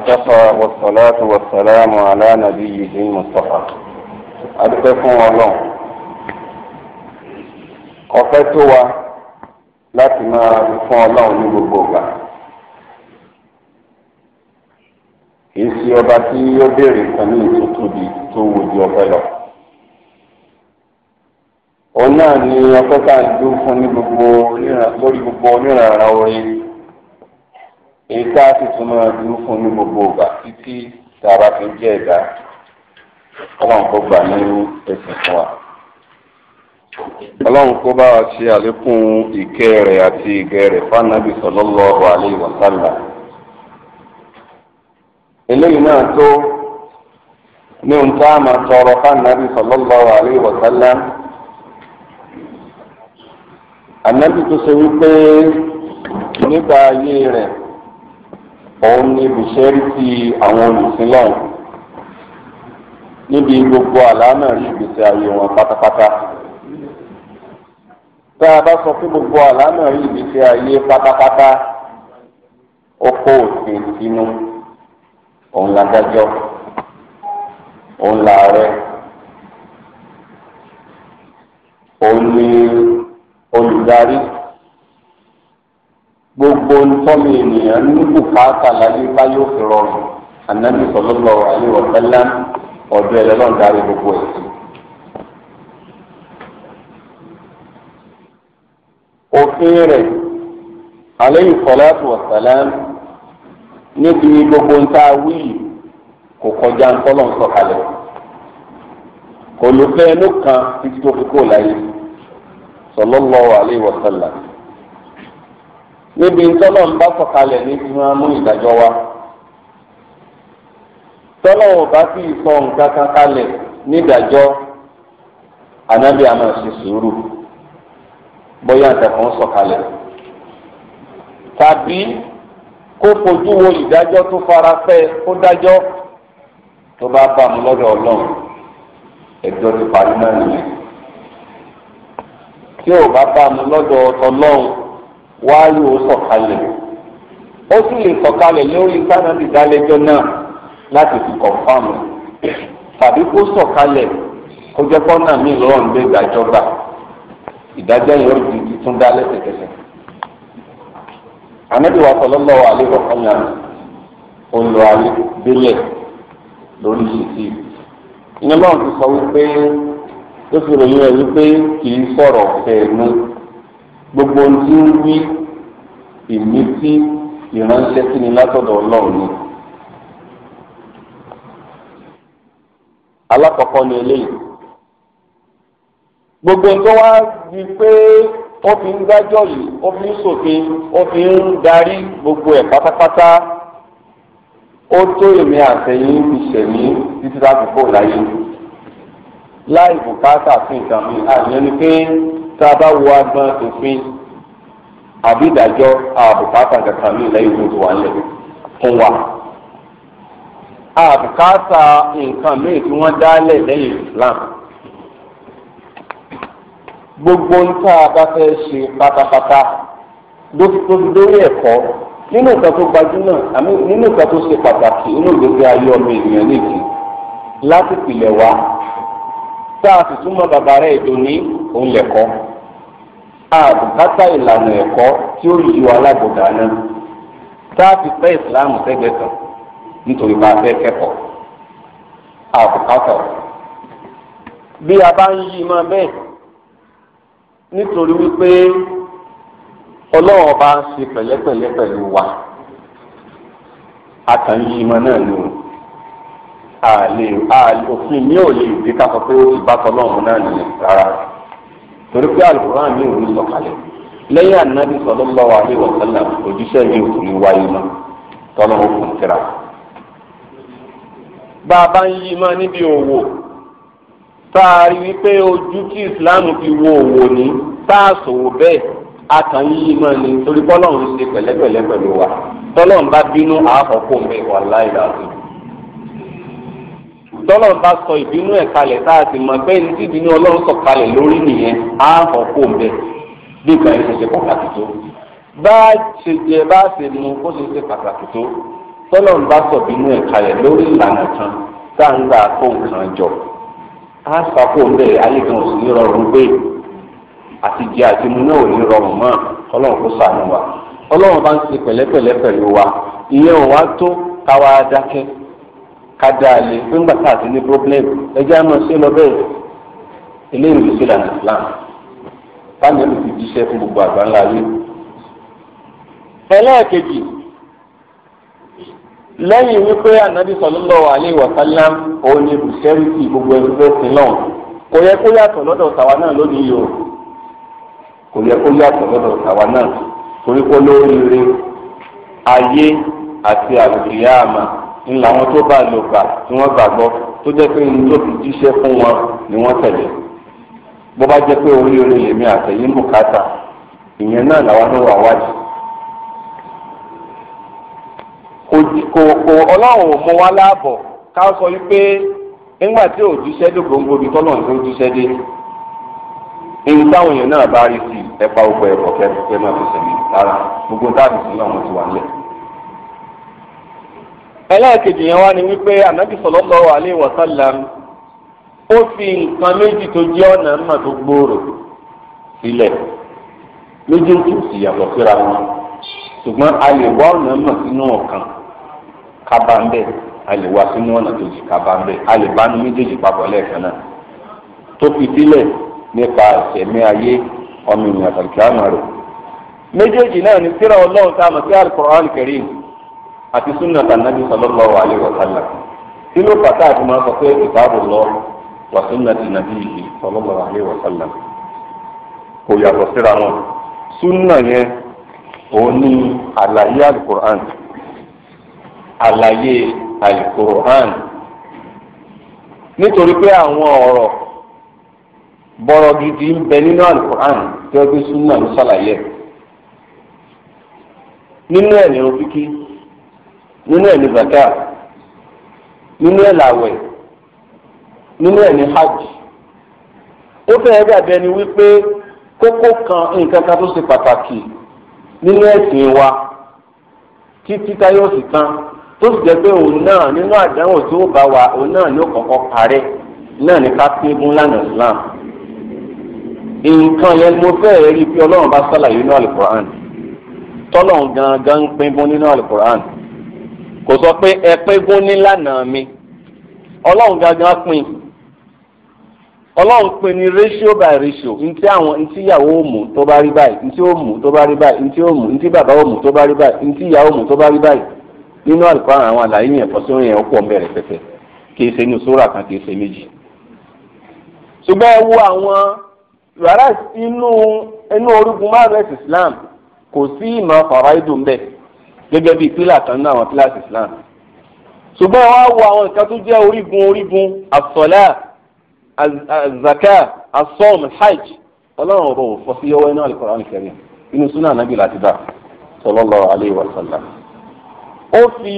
وكفى والصلاة والسلام على نبيه المصطفى adúpẹ́ fún ọlọ́run ọ̀fẹ́ tó wa láti máa fi fún ọlọ́run ní gbogbo ìgbà kì í ṣe ọba tí ó béèrè nǹkan ní ìtútù bí tó wù di ọpẹ́ lọ òun náà ni ọpẹ́ tá à ń dún fún ní gbogbo lórí gbogbo onírànra orin. èyí tá tún máa dúró fún ní gbogbo ìgbà títí tá a bá fi jẹ́ ẹ̀dá ọlọ́run kó gbà ní ẹ̀sìn fún wa. ọlọ́run kó bá wa ṣe àlékún ìkẹ́ rẹ̀ àti tọrọ fánábì ànábì tó ṣe wípé nípa ayé òun ni bùsẹ́rì ti àwọn olùsìnlọ́hùn níbi gbogbo àlànà ìgbésẹ̀ ayé wọn pátápátá tá a bá sọ pé gbogbo àlànà ìgbésẹ̀ ayé pátápátá ó kó òfin sínú òun ládájọ́ òun làárẹ̀ òun ni olùdarí gbogbo ntọ́mi ènìyàn ní bùkátà láyé bá yóò fi rọrùn ànábì sallallahu alaihi wa sallam ọ̀dọ̀ ẹ̀ lọ́nà dárí gbogbo ẹ̀ sí. òfin rẹ̀ alaihi salatu wa salam níbi gbogbo ntá wí kò kọjá ntọ́lọ̀ nsọ̀kalẹ̀ kò ló fẹ́ ẹnu kan títí tó fi kó láyé sallallahu alaihi wa sallam níbi tọ́lọ̀ ń bá sọ̀kalẹ̀ ní ti máa mú ìdájọ́ wa tọ́lọ̀ ò bá sì sọ nǹkan kan kalẹ̀ nídàjọ́ ànábì àmọ́ ṣe sùúrù bóyá àtẹ̀kùn sọ̀kalẹ̀ tàbí kó fojú wo ìdájọ́ tó fara fẹ́ kó dájọ́ tó bá bá mu lọ́dọ̀ ọlọ́run ẹjọ́ ti parí náà nìyẹn tí ò bá bá mu lọ́dọ̀ ọlọ́run. wáyé ó sọ̀kalẹ̀ ó sì lè sọ̀kalẹ̀ lórí sánàbì dalẹjọ náà láti fi kọ̀ǹfàmù tàbí kó sọ̀kalẹ̀ kó jẹ́ kọ́nà míì lọ́rùn gbé ìdájọ́gbà yìí ó di títún dá lẹ́sẹ̀kẹsẹ̀. ànábì wa lórí ìyẹn ti sọ wípé ó fi ròyìn wípé kì í gbogbo ohun tí ń wí ìmítí ìránṣẹ́ sí ni látọ̀dọ̀ ọlọ́run ni. alákọ̀ọ́kọ́ ni eléyìí gbogbo nǹkan wá di pé wọ́n fi ń dájọ́ yìí wọ́n fi ń ṣòfin wọ́n fi ń darí gbogbo ẹ̀ pátápátá ó tó èmi àtẹ̀yìn fi ṣẹ̀mí títí láti kó láyé láì bùkátà sí nǹkan mi àyẹ̀ni pé tá a bá wo agbọn òfin àbí ìdájọ́ àbùkátà kankan ní ilẹ̀ ìlú ìwà ńlẹ̀ fún wa. àbùkátà nǹkan míì tí wọ́n dálẹ̀ lẹ́yìn Islam gbogbo ń tá a bá fẹ́ ṣe pátápátá ló fi tóbi lórí ẹ̀kọ́ nínú nǹkan tó gbajúmọ̀ àmì nínú nǹkan tó ṣe pàtàkì nínú ìgbésí ayé ọmọ ènìyàn nìyí láti pìlẹ̀ wá tá a sì túmọ̀ bàbá rẹ̀ ètò ní òun lẹ̀kọ́ àbùkátà ìlànà ẹ̀kọ́ tí ó yọ alágbòdà náà tá a fi pẹ́ ìsìláàmù sẹ́gbẹ̀ẹ́ kan nítorí bá a fẹ́ kẹ́kọ̀ọ́ àbùkátà bí a bá ń yí máa bẹ́ẹ̀ nítorí wípé ọlọ́wọ́ bá ń ṣe pẹ̀lẹ́pẹ̀lẹ́ pẹ̀lú wa àtànyìmọ̀ náà ni àlè òfin ní òye ìdí ká sọ pé ìbátan náà náà nìyẹn rárá torí pé alukur'an mi ò ní sọ̀kalẹ̀ lẹ́yìn anabi sallallahu alaihi wa sallam òjíṣẹ́ mi ò ní wáyé mọ́ tọ́lọ́ ó fún kíra. bá a bá ń yí mọ́ níbi òwò tá a rí wípé ojú tí islam fi wo òwò ní tá a sòwò bẹ́ẹ̀ a kàn yí mọ́ ni torí pé ṣe pẹ̀lẹ́pẹ̀lẹ́ pẹ̀lú wa tọ́lọ́run bá bínú àkọ́kọ́ mi wà láìláàdùn tọ́lọ̀ bá sọ ìbínú ẹ̀ kalẹ̀ tá a sì mọ̀ pé ní tí ìbínú ọlọ́run sọ kalẹ̀ lórí nìyẹn á hàn kó ń bẹ bí nǹkan yẹn ṣe ṣe pàtàkì tó bá a ṣe jẹ bá a ṣe mu kó ṣe ṣe pàtàkì tó tọ́lọ̀ bá sọ ìbínú ẹ̀ kalẹ̀ lórí ìlànà kan tá a ń gbà kó nǹkan jọ á sọ kó ayé kan sì ní rọrùn gbé àti jẹ àti mu náà ò ní rọrùn mọ́ ọlọ́run kó ṣàánú wa ọlọ́run bá ń ṣe pẹ̀lẹ́pẹ̀lẹ́ pẹ̀lú wa ìyẹn ò wá tó káwa dákẹ́ kada le nígbà tá a ti ní problem ẹjẹ àmọ́ ṣe lọ bẹ́ẹ̀ eléyìí ló ṣe lànà Islam báyìí ló fi jíṣẹ́ fún gbogbo àgbà ńlá yìí. ẹlẹ́ẹ̀kejì lẹ́yìn wípé anabi sallallahu alaihi wa sallam òun ni bùsẹ́rìtì gbogbo ẹni tó sin náà kò yẹ kó yàtọ̀ lọ́dọ̀ tàwa náà lónìí yìí o kò yẹ kó yàtọ̀ lọ́dọ̀ tàwa náà torí kó lóríire ayé àti àlùkìyáámà. ń làwọn tó bá lò gbà tí wọ́n gbàgbọ́ tó jẹ́ pé ní tó fi jíṣẹ́ fún wọn ni wọ́n tẹ̀lé bó bá jẹ́ pé orí orí lèmi bùkátà ìyẹn náà làwọn wà wájú. kò kò ọlọ́run ò mú wa láàbọ̀ sọ wípé nígbà tí tọ́lọ̀ ní dé ní táwọn èèyàn náà bá rí sí ẹ̀pà ogun gbogbo táàbì sí ti wà nílẹ̀. ẹlẹ́ẹ̀kejì yẹn wá ni wípé ànábì sallallahu alaihi wasallam ó fi nǹkan méjì tó jẹ́ ọ̀nà mà tó gbòòrò sílẹ̀ méjèèjì sì yàtọ̀ síra wọn ṣùgbọ́n a lè wá ọ̀nà mà sínú ọ̀kan kábà ń bẹ̀ a lè wá sínú ọ̀nà kejì kábà ń bẹ̀ a lè bá nu méjèèjì papọ̀ lẹ́ẹ̀kan náà tó fi sílẹ̀ nípa ìṣẹ̀mí ayé ọmọ ènìyàn àtàkì àmọ́ méjèèjì náà ni síra ọlọ́run tá a mọ̀ sí àti súnà tànàbí sallallahu wa sallam kí ló fà táàbí máa sọ pé kitabullah wa sunnati nabihi sallallahu alaihi wa sallam kò yàtọ̀ síra wọn súnà yẹn òun alaye àlàyé alukur'an àlàyé alukur'an nítorí pé àwọn ọ̀rọ̀ bọ̀rọ̀ gidi ń bẹ nínú alukur'an tí wọ́n gbé súnà ń nínú ẹ̀ ní bàtà nínú ẹ̀ làwẹ̀ nínú ẹ̀ hajj ó fẹ́ẹ́ dàbẹ́ ni wípé kókó kan nǹkan kan tó ṣe pàtàkì nínú ẹ̀sìn wa títí táyọ̀ sì tán tó sì jẹ́ pé òun náà nínú àdánwò tí ó bá wa òun náà yóò kọ́kọ́ parẹ́ náà ní ká pé gún lánàá Islam nǹkan yẹn mo fẹ́ẹ́ rí i pé ọlọ́run bá sàlàyé nínú àlùkò àná tọ́lọ́run gangan ń pín gún nínú àlùkò àná. kò sọ pé ẹ pé gún nílànà mi ọlọ́run gangan pin ọlọ́run pin ní ratio by ratio ntí àwọn ntí ìyàwó tó bá rí báyìí ntí ó tó bá rí báyìí ntí ó mú ntí bàbá tó bá rí báyìí ntí ìyàwó tó bá rí báyìí nínú àlùkò àwọn àlàyé yẹn pọ̀ yẹn gẹ́gẹ́ bíi pílà kan nínú àwọn pílà Islam ṣùgbọ́n wọ́n á wo àwọn nǹkan tó jẹ́ orígun orígun asọ́lá azaka asọ́m hajj ọlọ́run ọ̀rọ̀ òfò sí ọwọ́ iná Al-Qur'an al inú súnà anábì láti dá sallallahu alaihi wa sallam. ó fi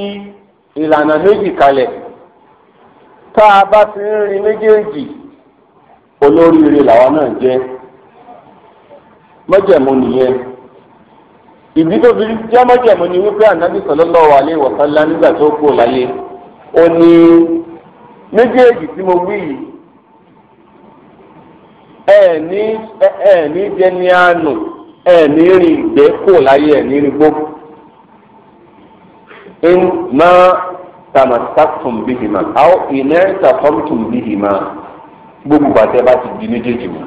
ìlànà méjì kalẹ̀ tá a bá ti ń rin méjèèjì olóríire làwa náà jẹ́ mọ́jẹ̀mú nìyẹn ìdí tó fi jámọ́jẹ̀mú ni wípé ànábì sallallahu alaihi wa sallam nígbà tó kú láyé ó ní méjèèjì tí mo wí yìí ẹ̀ẹ̀ní ẹ̀ẹ̀ní jẹni àánú ẹ̀ẹ̀ní rí ìgbẹ́ kò láyé ẹ̀ẹ̀ní rí gbó ń má tàmàtàkùn bìhìmá àwọn ìnẹ́rìtà fọ́mùtùm bìhìmá gbogbo àti ẹ bá ti di méjèèjì mọ́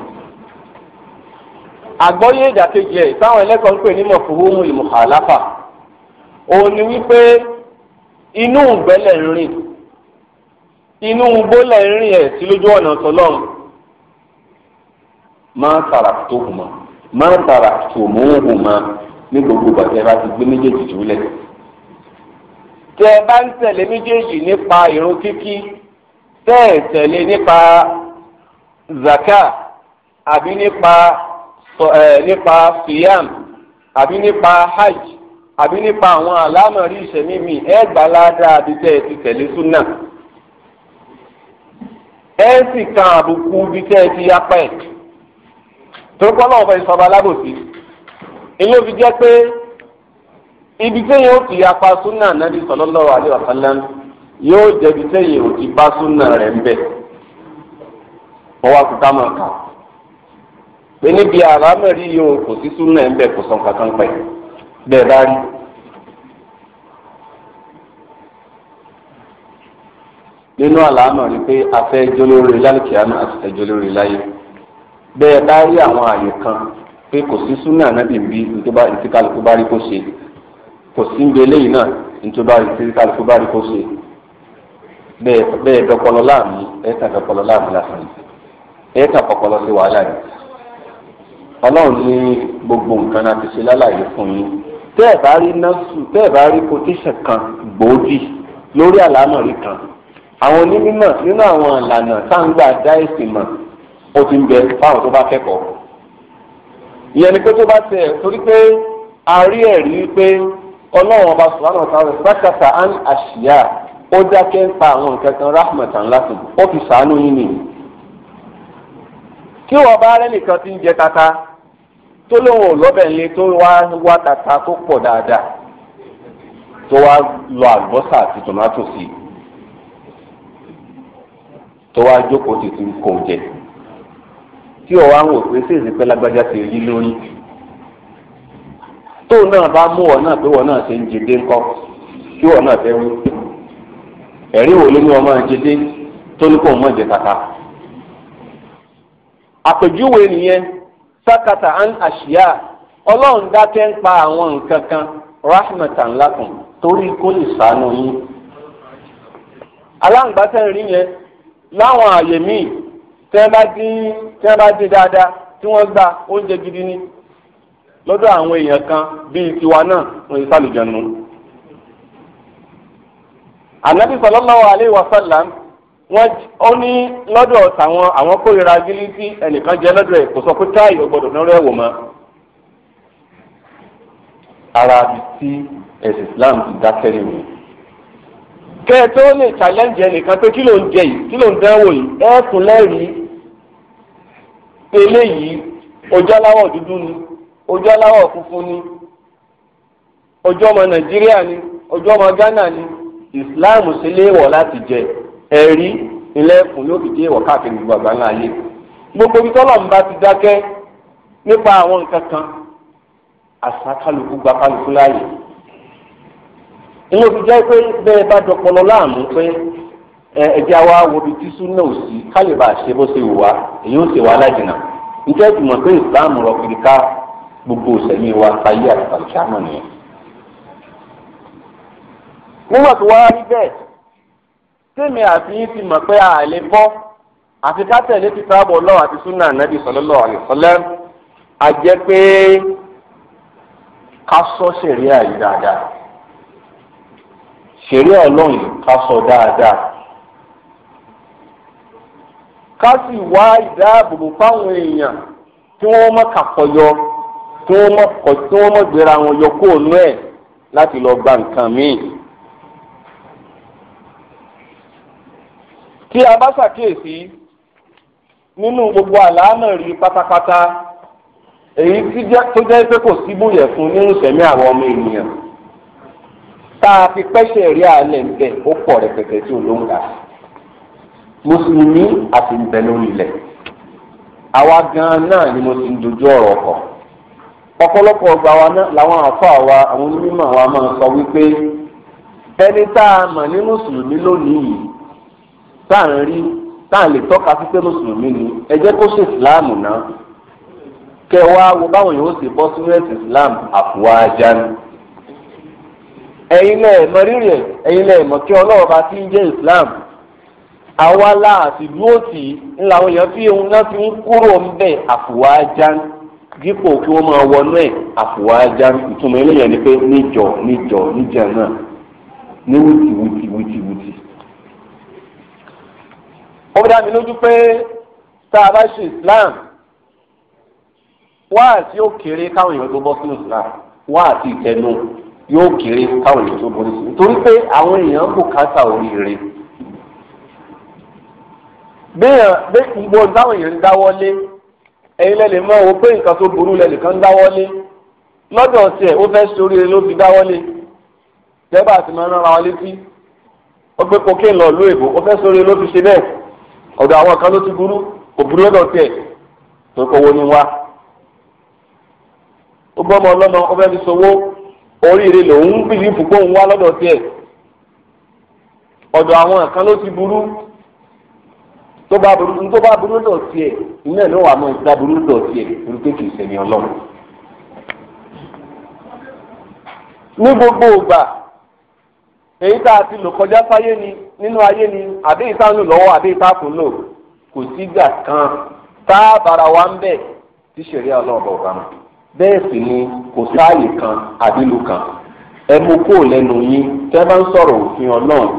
àgbọ́yé ìdàkejì ẹ̀ táwọn ẹlẹ́kọ̀ọ́ ń pè ní mọ̀fúhùmù ìmùhàláfà òun ni wípé inú ìgbẹ́lẹ̀ ń rìn inú gbólẹ̀ ń rìn ẹ̀ sí lójú ọ̀nà tọlọ́run máa ń tàrà tó hùmà máa ń tàrà tó mú hùmà ní gbogbo bàtẹ́ bá ti gbé méjèèjì jùlẹ̀ tẹ́ ẹ bá ń tẹ̀lé méjèèjì nípa ìrun kíkí tẹ́ ẹ tẹ̀lé nípa zaka àbí nípa Eh, nípa fiyam àbí nípa hajj àbí nípa àwọn àlámọ̀rí ìṣẹ̀mí mi ẹ gbà ládàá àbítẹ́ ti tẹ̀lé súnà ẹ sì kan àbùkù bítẹ́ ti yapa ẹ̀ torí pé ọlọ́run fẹ́ sọba alábòsí ilé òfin jẹ́ pé ibi téèyàn ó ti yapa súnà nàbí sallallahu alaihi wasallam yóò jẹ́ ibi téèyàn ò ti bá súnà rẹ̀ ń bẹ̀ wọ́n wá kú ká mọ̀ ká pé níbi àlámẹ̀rí yìí o kò sí súnà ẹ̀ ń bẹ̀ kò sàn kankan pẹ̀ bẹ́ẹ̀ bá rí. nínú àlámọ̀rí pé afẹ́ jólórí lálùkìyàmù àti fẹ́ jólórí láyé bẹ́ẹ̀ bá rí àwọn àyè kan pé kò sí súnà ànábì bí ìtìkálùkù bá rí kó ṣe kò sí ń belé yìí náà ìtìkálùkù bá rí kó ṣe bẹ́ẹ̀ dọ́pọlọ láàmú ẹ̀ẹ́ta dọ́pọlọ láàmú lásán ẹ̀ẹ́ta pọpọlọ sí wàhálà yìí ọlọ́run ní gbogbo nǹkan la ti ṣe lálàyé fún yín tẹ́ ẹ̀ bá rí nọ́ọ̀sù tẹ́ ẹ̀ bá rí quotation kan gbòógì lórí àlámọ̀rí kan àwọn onímọ̀ nínú àwọn ìlànà táǹgbà dá èsì mọ̀ ó ti ń bẹ fáwọn tó bá kẹ́kọ̀ọ́ ìyẹn ni pé tó bá tẹ̀ torí pé a rí ẹ̀rí pé ọlọ́run ọba sùnwánà táwọn ìfúrákàtà àṣìyà ó dákẹ́ ń pa àwọn nǹkan kan rahmatan lakum ó fi sàánú yín nìyí kí wọ́n bá rẹ́ nìkan ti ń jẹ tata tó lóun ò lọ́bẹ̀ ńlẹ̀ tó wá wá tata tó pọ̀ dáadáa tó wá lọ àlùbọ́sà àti tòmátò sí i tó wá jókòó ti tún kò jẹ tí ò wá ń wò pé sí ìsìnkú lágbájá ti rí lórí tó náà bá mú ọ náà pé wọn náà ṣe ń jẹdé ńkọ́ kí wọn náà fẹ́ wí ẹ̀rí wo ló ní ọmọ jẹdé tó ní kó mọ̀ jẹ kàkà àpèjúwe nìyẹn sákàtà an àṣìyà ọlọ́run dákẹ́ ń pa àwọn nǹkan kan rahmatan lakum torí kó lè sànù yín aláǹgbáṣẹ́ rí yẹn láwọn àyè míì tẹ́ bá dín tẹ́ bá dín dáadáa tí wọ́n gba oúnjẹ gidi ní lọ́dọ̀ àwọn èèyàn kan bíi tiwa náà wọ́n yẹ sálùjẹ̀nu. ànábì sallallahu alaihi wasallam. wọ́n ó ní lọ́dọ̀ tàwọn àwọn kórìíra tí ẹnìkan jẹ lọ́dọ̀ ẹ̀ kò sọ pé táyì ò gbọ́dọ̀ náírà ara mi tí Islam ti dákẹ́ ni mi. kẹ́ ẹ tó lè challenge ẹnìkan pé kí ló ń jẹ yìí kí ló ń dánwò yìí ẹ ni ojú funfun ni ojú ọmọ ni ojú Ghana ni Islam láti jẹ. ẹ̀rí ilẹ̀kùn yóò fi dé ìwọ̀ káàkiri gbogbo àgbáńlá ayé gbogbo ibi tọ́lọ̀ ń bá ti dákẹ́ nípa àwọn nǹkan kan àṣà kálukú gba kálukú láàyè inú òfin jẹ́ pé bẹ́ẹ̀ bá dọpọlọ láàmú pé ẹ̀jẹ̀ wa wo ibi tí súnà ò sí kálíbà ṣe bó ṣe wù wá èyí ó ṣe wà lájìnà níjẹ́ ìtumọ̀ pé ìsìláàmù rọ kiri gbogbo òṣèlú wa ayé àti àlùkò àmọ́ nìyẹn. nígbà tó wá rí bẹ́ẹ̀ tèmi àti yín ti mọ̀ pé àlè bọ́ àfi ká tẹ̀lé ti sábọ̀ lọ́wọ́ àti súnà nàbì sallallahu alaihi wasallam a jẹ́ pé ká sọ ṣẹ̀ríà yìí dáadáa ṣẹ̀ríà ọlọ́run yìí ká sọ dáadáa ká sì wá ìdáàbòbò fáwọn èèyàn tí wọ́n mọ̀ kàkọyọ tí wọ́n mọ̀ gbéra wọn yọ kóònú ẹ̀ láti lọ gba nǹkan míì. tí a bá ṣàkíyèsí nínú gbogbo àlámọ̀ rí pátápátá èyí tó jẹ́ pé kò sí bóyẹ̀ fún nínú ìṣẹ̀mí àwọn ọmọ ènìyàn tá a fi pẹ́sẹ̀ rí àlẹ́ ń ó pọ̀ rẹpẹtẹ tí olóńgà mùsùlùmí àti ìbẹ̀ lórí ilẹ̀ àwa gan-an náà ni mo ti ń dojú ọ̀rọ̀ ọkọ̀ ọ̀pọ̀lọpọ̀ ọgbà wa náà làwọn àfọ àwa àwọn onímọ̀ wa máa sọ wípé ẹni tá a mọ̀ ní mùsùlùmí lónìí yìí tá à ń rí tá à lè tọ́ka mùsùlùmí ni ẹ jẹ́ kó ṣe ìsìláàmù náà kẹ wá wo báwọn ṣe bọ́ sínú ẹ̀sìn islam àfùwájá ni. ẹ̀yin lẹ́ẹ̀ mọ rírì ẹ̀ ẹ̀yin lẹ́ẹ̀ mọ kí ti ń jẹ́ islam àwa láàfin lóòtì èèyàn fi ohun náà fi ń kúrò ńbẹ àfùwájá ni dípò kí wọ́n máa wọnú ẹ̀ àfùwájá ni ìtumọ̀ eléyàn ni pé níjọ níjọ náà ó dá mi lójú pé tá a bá ṣe Islam wá àti ó kéré káwọn èèyàn tó bọ́ sínú Islam wá àti ìtẹnu yóò kéré káwọn èèyàn tó bọ́ sínú nítorí pé àwọn èèyàn kò káta oríire bẹ́ẹ̀ bẹ́ẹ̀ ìgbò táwọn èèyàn ń dáwọ́lé ẹ̀yin lẹ́lẹ̀ mọ́ o pé nǹkan tó burú lẹ́lẹ̀ kan ń dáwọ́lé lọ́dọ̀ tiẹ̀ ó fẹ́ sórí ló fi dáwọ́lé tẹ́gbà tí máa ń rán ara wọn létí ó gbé kokéènì lọ lóòbó ó fẹ́ sórí ló fi ṣe bẹ́ẹ̀ ọ̀dọ̀ àwọn kan ló ti burú kò burú lọ́dọ̀ tiẹ̀ tó kọ́wọ́ ní wá. ó gbọ́ ọmọ ọlọ́mọ ó fẹ́ fi sowó oríire lòun bìlí fúnpọ̀ ń wá lọ́dọ̀ tiẹ̀ ọ̀dọ̀ àwọn kan ló ti burú tó bá burú tó bá burú lọ́dọ̀ tiẹ̀ iná ló wà mọ́ ìta burú lọ́dọ̀ tiẹ̀ burú pé kì ọlọ́run. ní gbogbo ògbà èyí tá a ti lò kọjá sáyé ni nínú ayé ni àbí ìta ń lọ́wọ́ àbí ìta kò lò kò sígbà kan tá a bára wa ń bẹ̀ tí sẹ̀rí ọlọ́ọ̀bọ̀ ọ̀gá mọ̀ bẹ́ẹ̀ sì ni kò sáàyè kan àbílù kan ẹ mú kó lẹ́nu yín tẹ́ bá ń sọ̀rọ̀ òfin ọlọ́run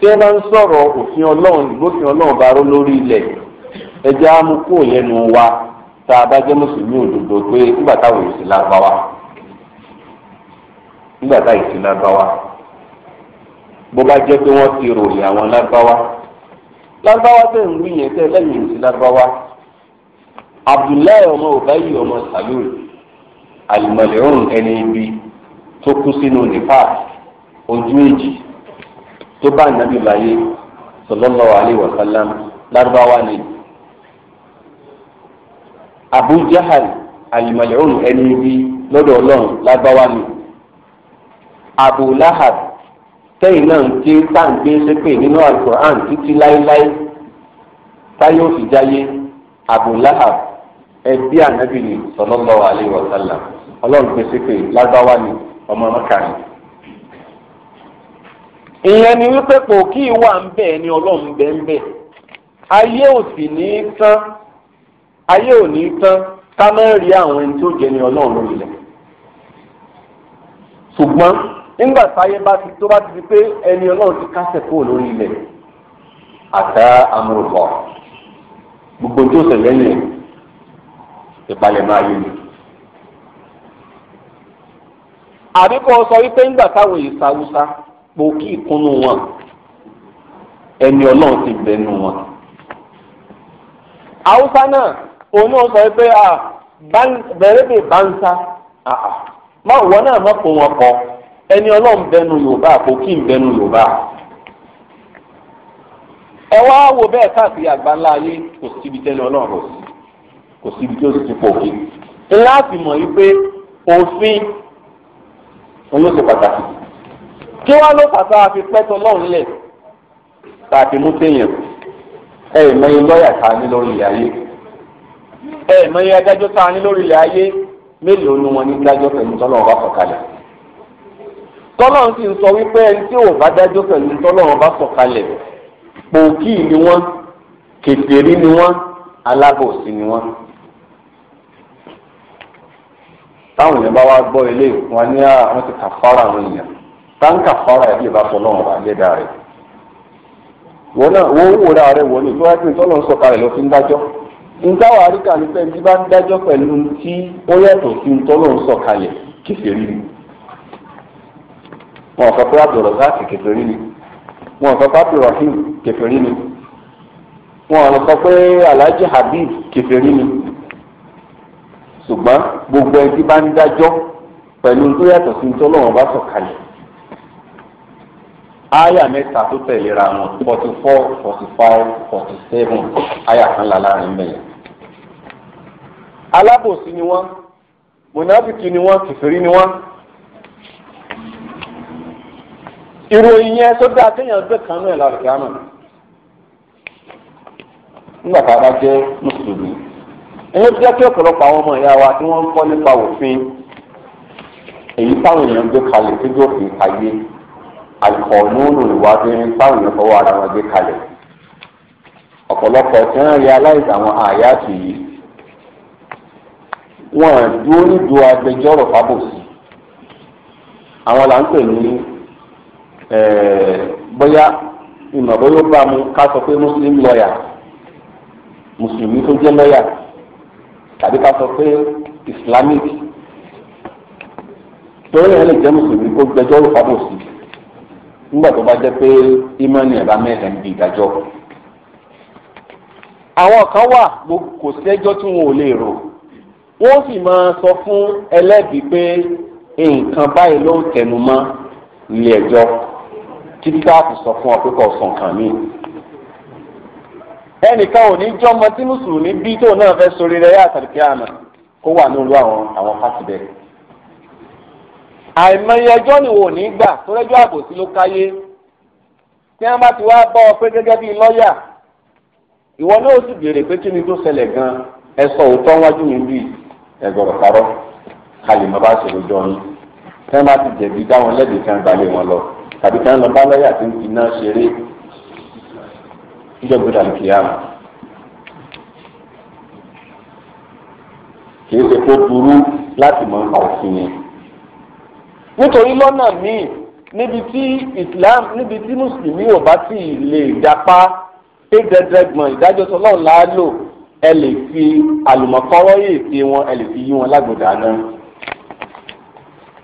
tẹ́ bá ń sọ̀rọ̀ òfin ọlọ́run ìgbófin ọlọ́run bá ró lórí ilẹ̀ ẹ jẹ́ á kó lẹ́nu wa tá a bá jẹ́ mùsùlùmí pé nígbà táwọn wa. bó bá jẹ́ pé wọ́n ti ròyìn àwọn lágbáwá lágbáwá tẹ̀ ń wí yẹn tẹ́ lẹ́yìn sí lágbáwá abdullahi ọmọ ubayi ọmọ salul alimọlẹ́hùn ẹni ibi tó kú sínú nípa ojú èjì tó bá nàbí láyé sallallahu alaihi wasallam lárúbáwá ni abu jahal ẹni ibi lọ́dọ̀ ọlọ́run lárúbáwá ni abu tẹ́yìn náà ń ké táǹgbé sépè nínú alukur'an títí láéláé táyé òfì jáyé Abu ẹbí ànábì ni sallallahu wa sallam ọlọ́run ni ọmọ mọ́kàrin. ìyẹn ni wípé kí ìwà ń ni ọlọ́run bẹ́ ń bẹ̀ ayé ò sì ní í tán ayé ò ní í tán ká nígbà táyé bá ti tó bá ti di pé ẹni ọlọ́run ti kásẹ̀ kúrò lórí ilẹ̀ àtà àmúrùbọ̀ gbogbo tó ṣẹlẹ̀ yẹn ìpalẹ̀mọ́ ayé ni. àbí kò sọ wípé nígbà táwọn èyí sáwúsá po kí ìkúnnú wọn ẹni ọlọ́run ti bẹnu wọn. haúsá náà òun náà sọ pé bẹ̀rẹ̀ bẹ̀ bá ń sá máa wọ náà mọ̀ pé wọ́n kọ́ ẹni ọlọ́run bẹnu yorùbá àpòkí ń bẹnu yorùbá ẹ wá wo bẹ́ẹ̀ káàkiri àgbáńlá ayé kò síbi tẹ́lẹ̀ ọlọ́run kò síbi tí ó sì ti pọ̀ òfin láti mọ̀ yí pé òfin òun ló ṣe pàtàkì kí wá ló fà tá a fi pẹ́tọ́ ọlọ́run lẹ̀ tá mú téèyàn ẹ ẹ̀ mọyì lọ́ọ̀yà tá a ní lórí ilẹ̀ ayé ẹ ẹ̀ mọyì adájọ́ tá a ní lórí ilẹ̀ ayé mélòó ni wọ́n ní dájọ́ pẹ̀lú tọ́lọ́run bá fọ̀ tọ́lọ́run sì ń sọ wípé ẹni tí ò bá dájọ́ pẹ̀lú tọ́lọ́run bá sọ kalẹ̀ pòkì ni wọ́n kèfèrí ni wọ́n alábòsí ni wọ́n. táwọn èèyàn bá wá gbọ́ ilé wọn ní àwọn ti kàfàrà àwọn èèyàn táǹkà fara ẹ̀ lè bá tọ́lọ́run bá lé dáa rẹ̀ wọ́n náà wọ́n wò ra rẹ̀ wọ́n ní tí wọ́n ti tọ́lọ́run sọ kalẹ̀ lọ fi ń dájọ́ ntáwàá rí kàlífẹ́ ní bá ń dájọ́ pẹ̀lú tí ó yàtọ̀ sí ń tọ́lọ́run sọ kalẹ̀ kèfèrí ni wọn kọ pé abdulrasaq kẹfẹrí ni wọn kọ pé abdulrahim kẹfẹrí ni wọn kọ pé alhaji habib kẹfẹrí ni ṣùgbọ́n gbogbo ẹni tí bá ń dájọ́ pẹ̀lú tó yàtọ̀ sí tó lọ́wọ́ bá sọ̀kalẹ̀ aya mẹ́ta tó tẹ̀léra wọn forty four forty five forty seven aya kan la láàrin mẹ́yìn alábòsí ni wọ́n mùnàfíkì ni wọ́n kẹfẹrí ni wọ́n. ìròyìn yẹn tó dáa téèyàn gbé kan náà lálẹ́ kíámà nígbà tá a bá jẹ́ mùsùlùmí ẹni tó jẹ́ kí ọ̀pọ̀lọpọ̀ àwọn ọmọ ìyá wa tí wọ́n ń kọ́ nípa òfin èyí táwọn èèyàn gbé kalẹ̀ tí yóò fi ayé àìkọ̀ọ́nùnù ìwádìí táwọn èèyàn fọwọ́ ara wọn gbé kalẹ̀ ọ̀pọ̀lọpọ̀ tí wọ́n rí aláìsàn àwọn àyàtì yìí wọ́n dúró nídùú agbẹjọ́rò fábòsí àwọn là ń pè ní Eh, bóyá ìmọ̀ bóyá bá mu ká sọ pé muslim lọ́yà mùsùlùmí tó jẹ́ lọ́yà tàbí ká sọ pé islamic torí ẹ̀ lè jẹ́ mùsùlùmí kó gbẹjọ́ fábòsì nígbà tó bá jẹ́ pé imani ẹ̀ bá mẹ́rin bí ìdájọ́ àwọn kan wà kò sẹ́jọ́ tí wọn ò lè rò wọ́n sì máa sọ fún ẹlẹ́bìí pé nǹkan báyìí ló ń tẹnu mọ́ ilé ẹjọ́ títí tá a fi sọ fún ọ pé kò sàn kàn mí. ẹnìkan ò ní jọmọ tí mùsùlùmí bí tóun náà fẹ́ sórí rẹ̀ yá àtàlùkẹ́ àná kó wà nílùú àwọn àwọn pàṣẹ bẹ́ẹ̀. àìmọye ẹjọ́ nìwò ní gbà tó rẹ́jọ́ àbòsí ló káyé tí wọ́n bá ti wá bọ́ ọ pé gẹ́gẹ́ bíi lọ́ọ̀yà ìwọ náà ó sì béèrè pé kí ni tó ṣẹlẹ̀ gan-an ẹ sọ òótọ́ wájú mi bíi ẹgbọ̀rọ̀ parọ́ kalẹ̀ mọ́ bá ṣe lójọ́ yín tí wọ́n bá ti jẹ̀bi dáwọn lẹ́bi kan balẹ̀ wọn lọ tàbí kí wọ́n lọ bá lọ́yà tí ń fi náà ṣeré níjọ́ gbọ́dọ̀ àlùkè àmọ́. kìí ṣe kó burú láti mọ nípa òfin yẹn. nítorí lọ́nà míì níbi tí Islam níbi tí mùsùlùmí ò bá sì lè dapá pé dẹ́dẹ́gbọ̀n ìdájọ́ tọ́lọ́run láálò ẹ lè fi àlùmọ̀kọ́rọ́ yèé fi wọn ẹ lè fi yí wọn lágbòdà náà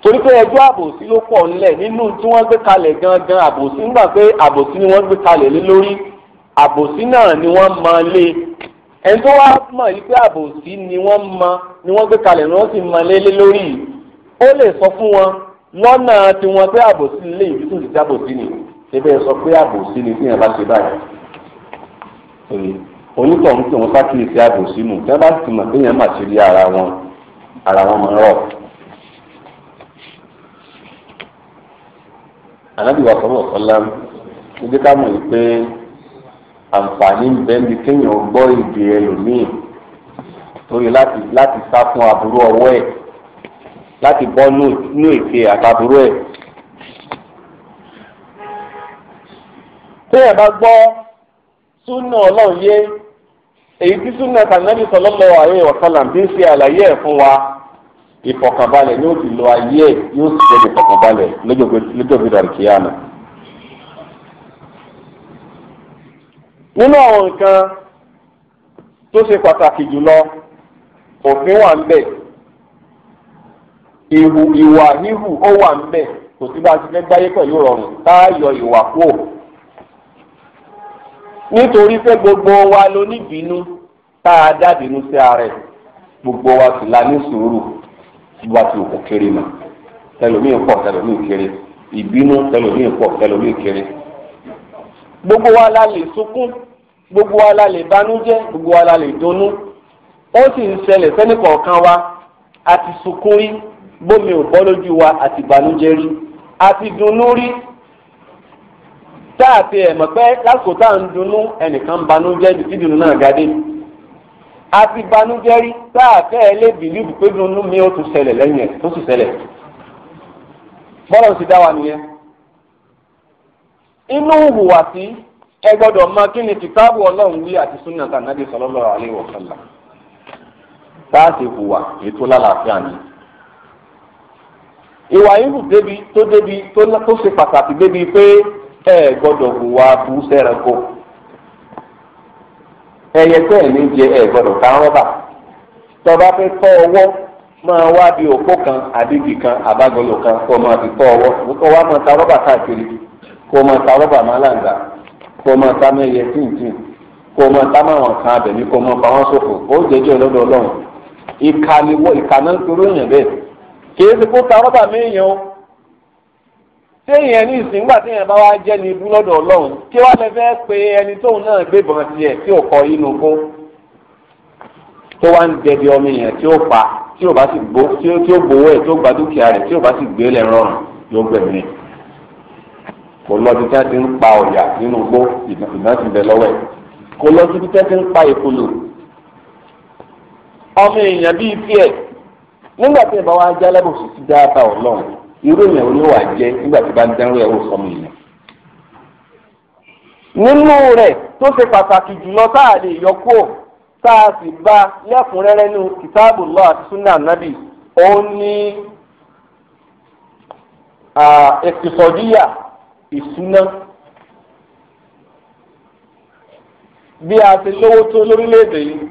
torí pé ẹjọ́ àbòsí ló pọ̀ ńlẹ̀ nínú tí wọ́n gbé kalẹ̀ gangan àbòsí nígbà pé àbòsí ni wọ́n gbé kalẹ̀ lé lórí àbòsí náà ni wọ́n mọ lé ẹni tó wá mọ̀ yìí pé àbòsí ni wọ́n mọ ni wọ́n gbé kalẹ̀ ni wọ́n sì mọ lé lé lórí ó lè sọ fún wọn lọ́nà tiwọn pé àbòsí lè yìí tún ti dábòsí ni ṣébẹ̀ sọ pé àbòsí ni tíyẹn bá ṣe báyìí onítọ̀hún tí wọ́n sákìlì sí àbòsí nù tí wọ́n bá sì mọ̀ ànábì wa sọlọ sọlá níbi ká mọ̀ pé àǹfààní bẹ́ẹ̀ni kéèyàn gbọ́ èdè ẹlòmíì torí láti láti sá fún aburú ọwọ́ ẹ̀ láti bọ́ nú ète àtàbúrú ẹ̀. téèyàn bá gbọ́ súnà ọlọ́run yé èyí tí súnà tànàbì sọlọ́lọ́ ààrẹ ọ̀sán làǹdí ń ṣe àlàyé ẹ̀ fún wa ìfọ̀kànbalẹ̀ yóò ti lo ayé ẹ̀ yóò sì jẹ́ ìfọ̀kànbalẹ̀ lọ́jọ́ gbé dàrí kíyàmù. nínú àwọn nǹkan tó ṣe pàtàkì jùlọ òfin wà ń bẹ̀ ìwà híhù ó wà ń bẹ̀ kò sí bá a ti fẹ́ gbáyé pẹ̀lú rọrùn tá a yọ ìwà kúò nítorí pé gbogbo wa ló níbínú tá a dábìínú sí ara ẹ̀ gbogbo wa sì la ní sùúrù bá ti òkú kéré mọ tẹlómìn pọ̀ tẹlómìn kéré ìbínú tẹlómìn pọ̀ tẹlómìn kéré gbogbo wa la lè sunkún gbogbo wa la lè banújẹ́ gbogbo wa la lè dunnú ó sì ń ṣẹlẹ̀ sẹ́nìkọ̀ọ̀kan wa àti sunkún rí bómi ò bọ́ lójú wa àti banújẹ́ rí àti dunnú rí tá a ti ẹ̀ mọ̀ pé lásìkò tá à ń dunnú ẹnìkan banújẹ́ ìdùnnú náà gádé àti banújẹ́ rí sáàfẹ́ ẹ lè bìlíìfù pé dunu mi ó tún ṣẹlẹ̀ lẹ́yìn ẹ̀ tó sì ṣẹlẹ̀ bọ́lá ti dá wa nìyẹn. inú hùwàsí ẹ gbọ́dọ̀ mọ kí ni kìtáàbù ọlọ́run wí àti súnà tànàdé sallallahu alaihi wa sallam sáàsì hùwà ètò lálàáfíà ni. ìwà irú débi tó débi tó ṣe pàtàkì débi pé ẹ gbọ́dọ̀ hùwà bú sẹ́ranko. ẹyẹ tẹ́ ẹ̀ ní jẹ ẹ̀ gbọ́dọ̀ ta rọ́bà tọba fẹ́ tọ́ ọwọ́ máa wá òpó kan àdébì kan kan kó máa fi tọ́ ọwọ́ kó wá ta rọ́bà káàkiri kó máa ta rọ́bà málàǹgà kó máa ta mẹ́yẹ tìǹtìǹ kó máa ta máwọn kan abẹ̀mí kó máa pa wọ́n ṣòfò ó jẹ́jọ́ lọ́dọ̀ ọlọ́run ìkànnì ìkànnì torí kì o téèyàn ní ìsìn nígbà téèyàn bá wá jẹ́ ní ibú lọ́dọ̀ ọlọ́run kí wá lẹ fẹ́ pe ẹni tóun náà gbébọn tiẹ̀ tí ò kọ inú kó tó wá ń dẹbi ọmọ èèyàn tí ó pa tí ò bá sì gbó tí ó gbowó ẹ̀ tó gba dúkìá rẹ̀ tí ò bá sì gbé lẹ̀ rọrùn yóò gbẹ̀mí kò lọ bí tí wọ́n ti ń pa ọ̀yà nínú igbó ìdá ti bẹ lọ́wọ́ ẹ̀ kò lọ síbi tí wọ́n ti ń pa ìkulù ọmọ èèyàn bíi tiẹ̀ nígbà tí ìbá wa jálẹ̀bùsù ti dáa ta ọlọ́run irú èèyàn oníwà jẹ nígbà tí bá ń dánwó ẹ̀wò sọmọ èèyàn. nínú rẹ̀ tó ṣe pàtàkì jùlọ tá a lè yọkúò tá a sì bá lẹ́kùnrẹ́rẹ́ nínú kìtáàbù Allah àti súnà nábì ó ní ẹ̀sìsọ̀díyà ìsúná bí a ti lówó tó lórílẹ̀‐èdè yìí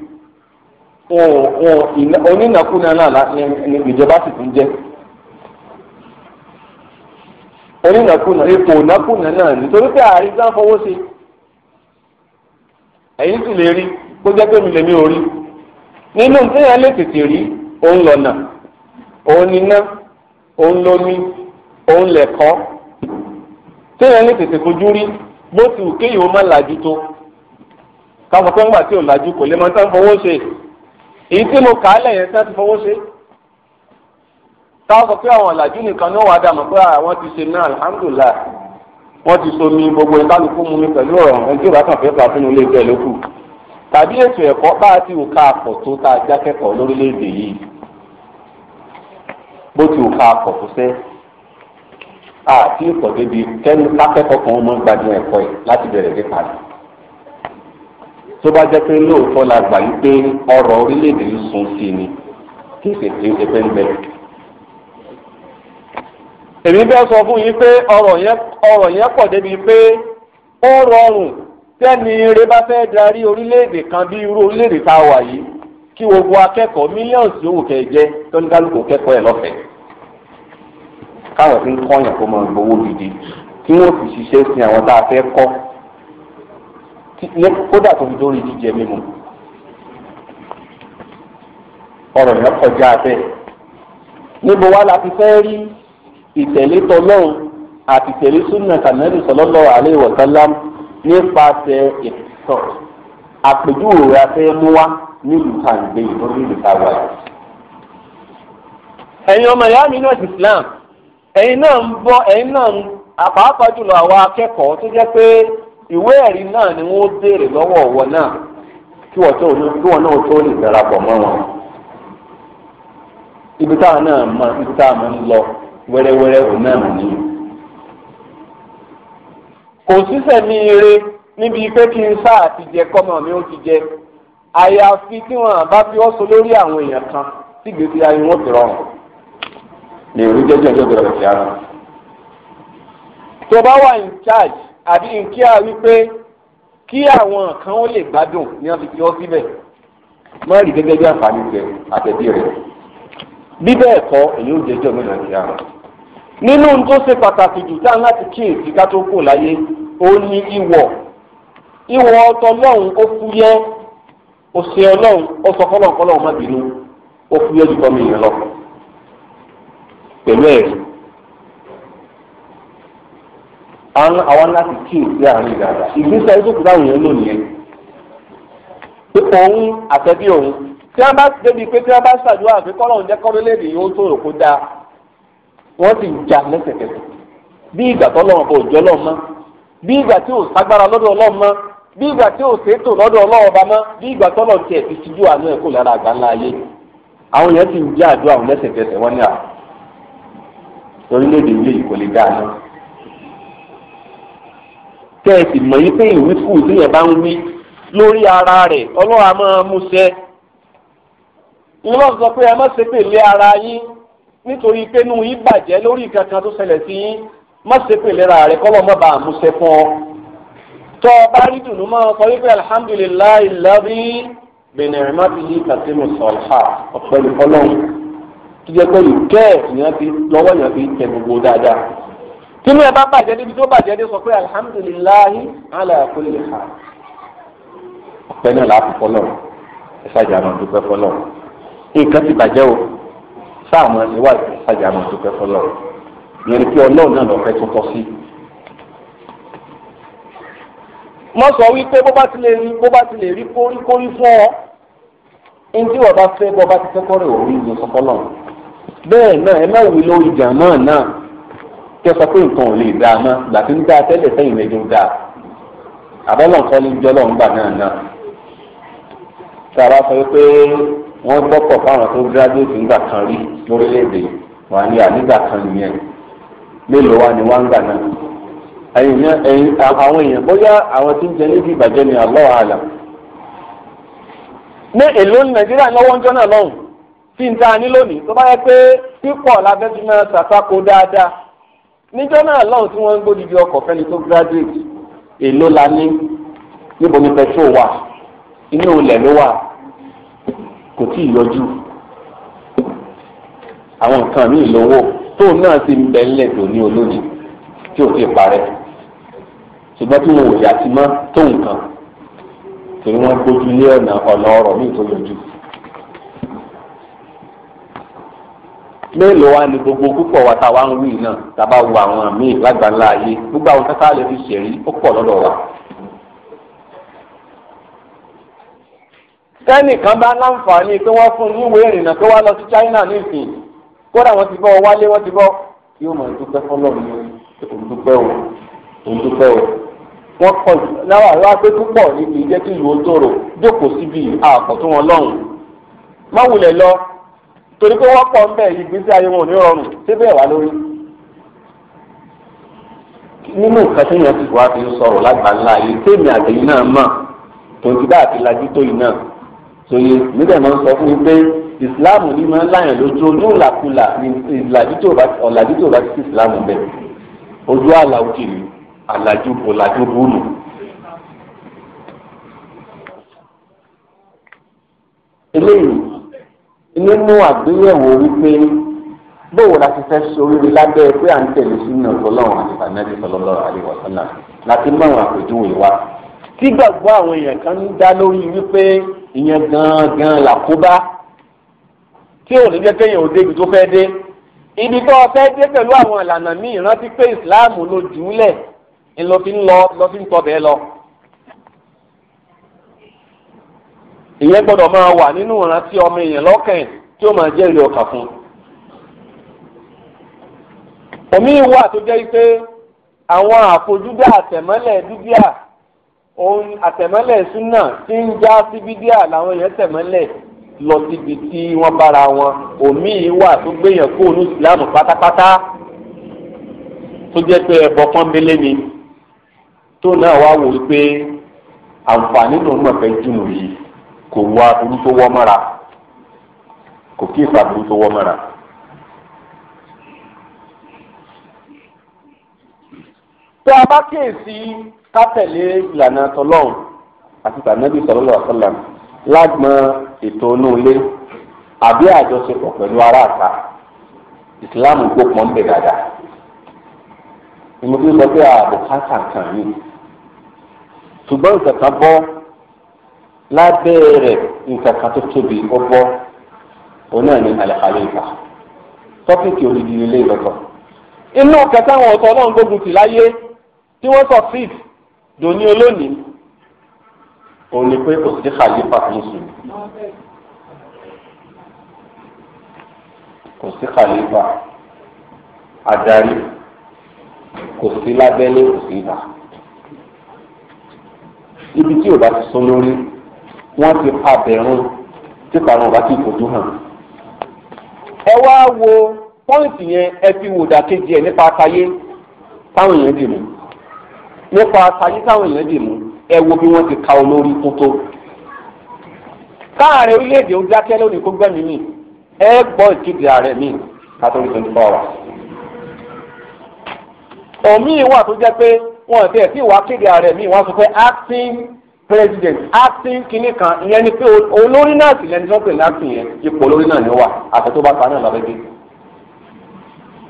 onínàkúnà náà ní ìjọba sì tún jẹ́ onínàkúnà ipò ònàkúnà náà nítorí pé ààrí sá fọwọ́ sí ẹ̀yìn sì lè rí kó jẹ́ pé mi lèmi ò rí nínú téèyàn lè tètè rí òun lọ́nà òun níná òun lómi òun lẹ̀kọ́ téèyàn lè tètè fojú rí bó ti wù kéyìí ó má làjú tó káwọn pé ńgbà tí ò làjú kò lè máa tán fọwọ́ ṣe èyí tí mo kà á lẹ̀ yẹn tán ti fọwọ́ ṣe táwọn sọ pé àwọn ọ̀làjú nìkan ní wàá dàmọ̀ pé àwọn ah, ti ṣe náà alhamdulillah wọ́n ti somi gbogbo ìbálòpọ̀ mu mi pẹ̀lú ọ̀rọ̀ ẹni tí ó bá kàn fẹ́ fà sínú ilé ìgbẹ́ lókù tàbí ètò ẹ̀kọ́ bá a ti wò ká àpọ̀ tó tá a jákẹ́kọ̀ọ́ lórílẹ̀‐èdè yìí bó ti wò ká àpọ̀ tó sẹ́ àti ìpọ̀ débi kẹ́ni lákẹ́kọ̀ọ́ kan mọ́ gbádùn ẹ̀kọ́ ẹ̀ láti bẹ̀rẹ̀ dé parí tó bá jẹ́ pé lóòótọ́ la gbà yí pé ọrọ̀ orílẹ̀‐èdè yìí sun sí ni kí èmi fẹ́ sọ fún yín pé ọ̀rọ̀ yẹn ọ̀rọ̀ yẹn pọ̀ débi pé ó rọrùn tẹ́ni eré bá fẹ́ darí orílẹ̀-èdè kan bí irú orílẹ̀-èdè tá a wà yìí kí gbogbo akẹ́kọ̀ọ́ mílíọ̀nù tí òun kẹ́ jẹ́ tóníkálukú kẹ́kọ̀ọ́ ẹ̀ lọ́fẹ̀ẹ́ káwọn fi ń kọ́yàn kó máa gbowó gidi kí wọ́n sì ṣiṣẹ́ sin àwọn tá a fẹ́ kọ́ kódà tó fi dórí jíjẹ mímu ọ̀rọ̀ yẹn kọjá bẹ́ẹ̀ níbo wá la fi fẹ́ rí ìtẹ̀lé tọlọ́run àti ìtẹ̀lé súnà tànẹ́rì sallallahu alaihi wa sallam nípasẹ̀ ìtọ̀ àpèjúwò rẹ̀ afẹ́ mú nílùú kàǹgbé lórí ìlú tàwa ẹ̀yin ọmọ ìyá mi náà ti Islam ẹ̀yin náà ń bọ́ ẹ̀yin náà ń àpapọ̀ jùlọ àwọn akẹ́kọ̀ọ́ tó jẹ́ pé ìwé ẹ̀rí náà ni wọ́n dèrè lọ́wọ́ ọ̀wọ́ náà kí wọ́n tó náà tó lè darapọ̀ mọ́ wọn. ibi táwọn náà mọ ibi táwọn ń lọ wẹ́rẹ́wẹ́rẹ́ òun náà mọ̀ nìyí. kò sísẹ̀ mi eré níbi pé kí n sáà ti jẹ kọ́mọ mi ó ti jẹ àyàfi tí wọn bá fi ọ́ so lórí àwọn èèyàn kan tí gbèsè ayé wọn fi rọrùn lè rí jẹjẹ tó bẹ̀rẹ̀ sí ara. tó bá wà in charge àbí in kí a rí pé kí àwọn kan ó lè gbádùn ni wọn fi fi ọ́ síbẹ̀ má rí gẹ́gẹ́ bí àǹfààní rẹ àtẹ̀bí rẹ bí bẹ́ẹ̀ kọ́ èyí ó jẹjọ́ mìíràn sí ara nínú ohun tó ṣe pàtàkì jù táwọn láti kíyèsí ká tó kò láyé òun ni ìwọ̀ ìwọ̀ ọ̀tọ̀ lọ́hùn ó fúyẹ́ òṣè ọlọ́hùn ó sọ fọlọ́nkọlọ́hùn má bínú ó fúyẹ́ jù tọ́mi yẹn lọ pẹ̀lú ẹ̀rí àwọn àwọn láti kíyèsí àárín ìdàgbà ìgbésẹ̀ ìdókòwò táwọn yẹn lónìí yẹn pé òun àtẹ̀bí òun tí wọ́n bá débi pé tí wọ́n bá ṣàdúrà pé kọ́lọ́hùn jẹ́ kọ́lọ́lẹ́dì yìí ó tó rò kó dáa wọ́n sì jà lẹ́sẹ̀kẹsẹ̀ bí ìgbà tó lọ́wọ́ jọ́ lọ́wọ́ mọ́ bí ìgbà tí ò sagbara lọ́dọ̀ ọlọ́wọ́ mọ́ bí ìgbà tí ò ṣètò lọ́dọ̀ ọlọ́wọ́ bá mọ́ bí ìgbà tó lọ́wọ́ tiẹ̀ fi àánú ẹ̀ kó lára àgbà ńlá ayé àwọn yẹn ń àdúrà lẹ́sẹ̀kẹsẹ̀ wọ́n ní à ara rẹ̀ máa mú pé ẹ má ara yín nítorí pé inú yín bàjẹ́ lórí nǹkan kan tó ṣẹlẹ̀ sí yín má ṣe pè lera rẹ̀ kọ́ mọ́ bá àmúṣe fún ọ. tọ́ ọ bá rí dùnú mọ́ ọ sọ wípé alihamudulilayi lọ́rí bẹ̀rẹ̀ má fi yí kàtínú sọ̀lá ọ̀pẹ ìfọlọ́hún tó jẹ́ pé ìkẹ́ ìyẹn fi lọ́wọ́ ìyẹn fi tẹ gbogbo dáadáa. tínú ẹ bá bàjẹ́ níbi tó bàjẹ́ dé sọ pé alihamudulilayi aláàkúlẹ̀ ha ọ̀pẹ náà láàfin fọlọ́hún ẹ ṣáàjà dúpẹ́ fọlọ́hún nǹkan ti bàjẹ́ o sáàmù ìwádìí sájà máa dúpẹ́ fọlọ́ ìyẹn ni pé ọlọ́run náà lọ́pẹ́ tó tọ́ sí. wọ́n sọ wípé bó bá ti lè rí bó bá ti lè rí kóríkórí fún ọ ndí wọ́n bá fẹ́ bọ́ bá ti kẹ́kọ̀ọ́ rẹ̀ òun ìyẹn sọ fọlọ́ bẹ́ẹ̀ náà ẹ má wí lórí jàmọ́ náà kí ẹ sọ pé nǹkan ò lè dá a mọ́ gbàtí ń dá a tẹ́lẹ̀ sẹ́yìn lẹ́jọ́ dá a àbọ̀lọ̀ nǹkan ní jọ́lọ́ ń gbà náà náà. tàbá sọ wípé wọ́n gbọ́kọ̀ fáwọn tó gíráduwétì nígbà kan rí lórílẹ̀‐èdè wà ní ànígbà kan nìyẹn mélòó wa ni wọ́n ń gbà náà àwọn èèyàn bóyá àwọn tí ń jẹ níbi ìbàjẹ́ ni Allah àlà ní èlò nàìjíríà lọ́wọ́ ń jọ́nà lọ́hùn tí ń ta ní lónìí tó bá yẹ pé pípọ̀ lábẹ́ tí máa ṣàṣàkó dáadáa níjọ́ náà lọ́hùn tí wọ́n ń gbódìdí ọkọ̀ fẹ́ni tó graduate èlò la ní níbo ni petrol wà inú ilẹ̀ ló wà kò tí ì yọjú àwọn nǹkan míì lówó tóun náà ti ń bẹ ńlẹ̀ tó ní olóyìn tí ò ti parẹ́ ṣùgbọ́n tí wọn ò yà sí mọ́ tó nǹkan torí wọ́n gbójú lé ọ̀nà ọ̀nà ọ̀rọ̀ míì tó yọjú. mélòó wa ni gbogbo púpọ̀ wa ta ń wí náà tá a bá wo àwọn míì lágbàńlá ayé gbogbo àwọn kátà lè fi ṣèrí ó pọ̀ lọ́dọ̀ wa. tẹ́nìkan bá láǹfààní pé wọ́n fún níwèé ìrìnnà tó wá lọ sí China nísìn kódà wọ́n ti bọ́ ọ wálé wọ́n ti bọ́ yóò máa dúpẹ́ fọlọ́run ní òdúpẹ́ o òdúpẹ́ o wọ́n kọ́ náwà wá pé púpọ̀ ní kì í jẹ́ kí ìlú òtòrò jókòó síbi àkọ́tún wọn lọ́hùn má wulẹ̀ lọ torí pé wọ́n pọ̀ ń bẹ̀ ìgbésí ayé wọn ò ní rọrùn síbẹ̀ wá lórí nínú nǹkan tí èèyàn ti wá fi ń sọ̀rọ̀ lágbàá ńlá yìí tèmi àtẹ̀yìn náà mọ̀ tòun ti lajú tó yìí náà sòye níbẹ̀ máa ń sọ fún mi pé ìsìláàmù ni máa ń láyàn lójú ojú làkúlà ìlàjú tó bá ti sí ìsìláàmù bẹ́ẹ̀ ojú àlà òkè ni àlàjú òlàjú búrú. eléyìí nínú àgbéyẹ̀wò wípé bóòwò la ti fẹ́ soríire lábẹ́ pé à ń tẹ̀lé sínú ọlọ́run àti bàmẹ́lì sallallahu alaihi wasallam láti mọ àwọn àpèjúwe wa. tí gbàgbọ́ àwọn èèyàn kan ń dá lórí wípé ìyẹn gangan làkóbá tí ò ní jẹ́ kéèyàn ò débi tó fẹ́ dé ibi tó o fẹ́ dé pẹ̀lú àwọn ìlànà míì rántí pé ìsìláàmù ló jùúlẹ̀ ńlọ fi ń lọ lọ fi ń tọ́ bẹ́ẹ̀ lọ. ìyẹn gbọ́dọ̀ máa wà nínú ìrántí ọmọ èèyàn lọ́kàn tí ó máa jẹ́rìí ọkàn fún un. omi wà tó jẹ́ pé àwọn àfojúdá àtẹ̀mọ́lẹ̀ dúdíà òun àtẹ̀mọ́lẹ̀ súnà tí ń já sí bídíà làwọn èèyàn tẹ̀mọ́lẹ̀ lọ síbi tí wọ́n bára wọn òmíì wà tó gbéyàn kó onú ìsìlámù pátápátá tó jẹ́ pé ẹ̀bọ pọ́nbélé ni tó náà wá wò ó pé àǹfààní lòun náà fẹ́ jùnú yìí kò wá aburú tó wọ́ mọ́ra kò kí ìfà aburú tó wọ́ mọ́ra. tá a bá kíyèsí ká tẹ̀lé ìlànà tọlọ́run àti tànàbí sọlọ́lọ́ àtọ́là lágbọn ètò inú ilé àbí àjọṣepọ̀ pẹ̀lú aráàta ìsìláàmù gbópọn ń bẹ dáadáa ìmọ̀tí sọ pé ààbò kásà kàn yín ṣùgbọ́n nǹkan kan bọ́ lábẹ́ rẹ̀ nǹkan kan tó tóbi ó bọ́ òun náà ní àlàkalẹ̀ ìgbà tọ́pìkì olùdílé ilé ìlọ́tọ̀ inú kẹta àwọn ọ̀tọ̀ náà gbógun tì láyé tí wọ́n sọ fíìdì dòní olónìí òun ni pé kò sí khalifa fi ń sùn kò sí khalifa adarí kò sí lábẹ́lé kò sí ìlà ibi tí ò bá ti sọ lórí wọ́n ti pa bẹ̀rùn tí kàrún ọba ti fojú hàn ẹ wá wo pọ́ǹtì yẹn ẹ fi wò dàkejì ẹ̀ nípa àtayé táwọn èèyàn dì mí ló fa sayé táwọn èèyàn dì mú ẹ wo bí wọ́n ti ka olórí tótó. káàárẹ̀ orílẹ̀-èdè ó dákẹ́ lónìí kó gbẹ́mí mi ẹ gbọ́ ìkéde ààrẹ mi kátólí twenty four hours. òmíì wà tó jẹ́ pé wọ́n ti ẹ̀ sí ìwà kéde ààrẹ mi wọ́n sọ pé acting president acting kinní kan ìyẹn ni pé olórí náà sì lẹni tó ń pè ní acting yẹn ipò olórí náà ni ó wà àti tó bá pa náà lọ́bẹ̀ẹ́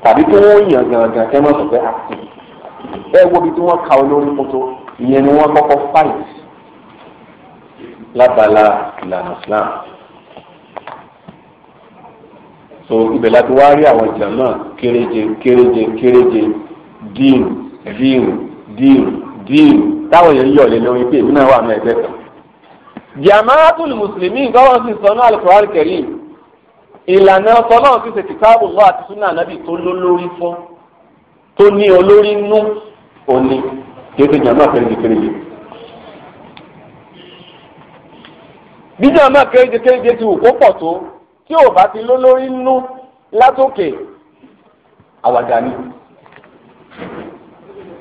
tàbí kí wọ́n yàn gàngàn kẹ́ mọ́ sọ pé acting ẹ wo ibi tí wọ́n ka olórí mọ́tò ìyẹn ni wọ́n kọ́kọ́ fight lábala ìlànà Islam so ibẹ̀ láti wá rí àwọn ìjà náà kéréje kéréje kéréje díìrù díìrù díìrù díìrù táwọn èèyàn yọ̀ lé lórí pé èmi náà wà ní ẹgbẹ́ kan. jamaatul muslimin gbọ́dọ̀ sì sọ náà al-Qur'an al-Karim ìlànà sọ náà sì ṣe kìtàbù lọ́wọ́ àti súnà nábì tó lólórí fún tó ní olórí nú òní kéèké jàmbá kéréjìkéréjì. bí jàmbá kéréjìkéréjì ti wù kó pọ̀ tó tí ò bá ti lólórí nú látòkè àwàdà ni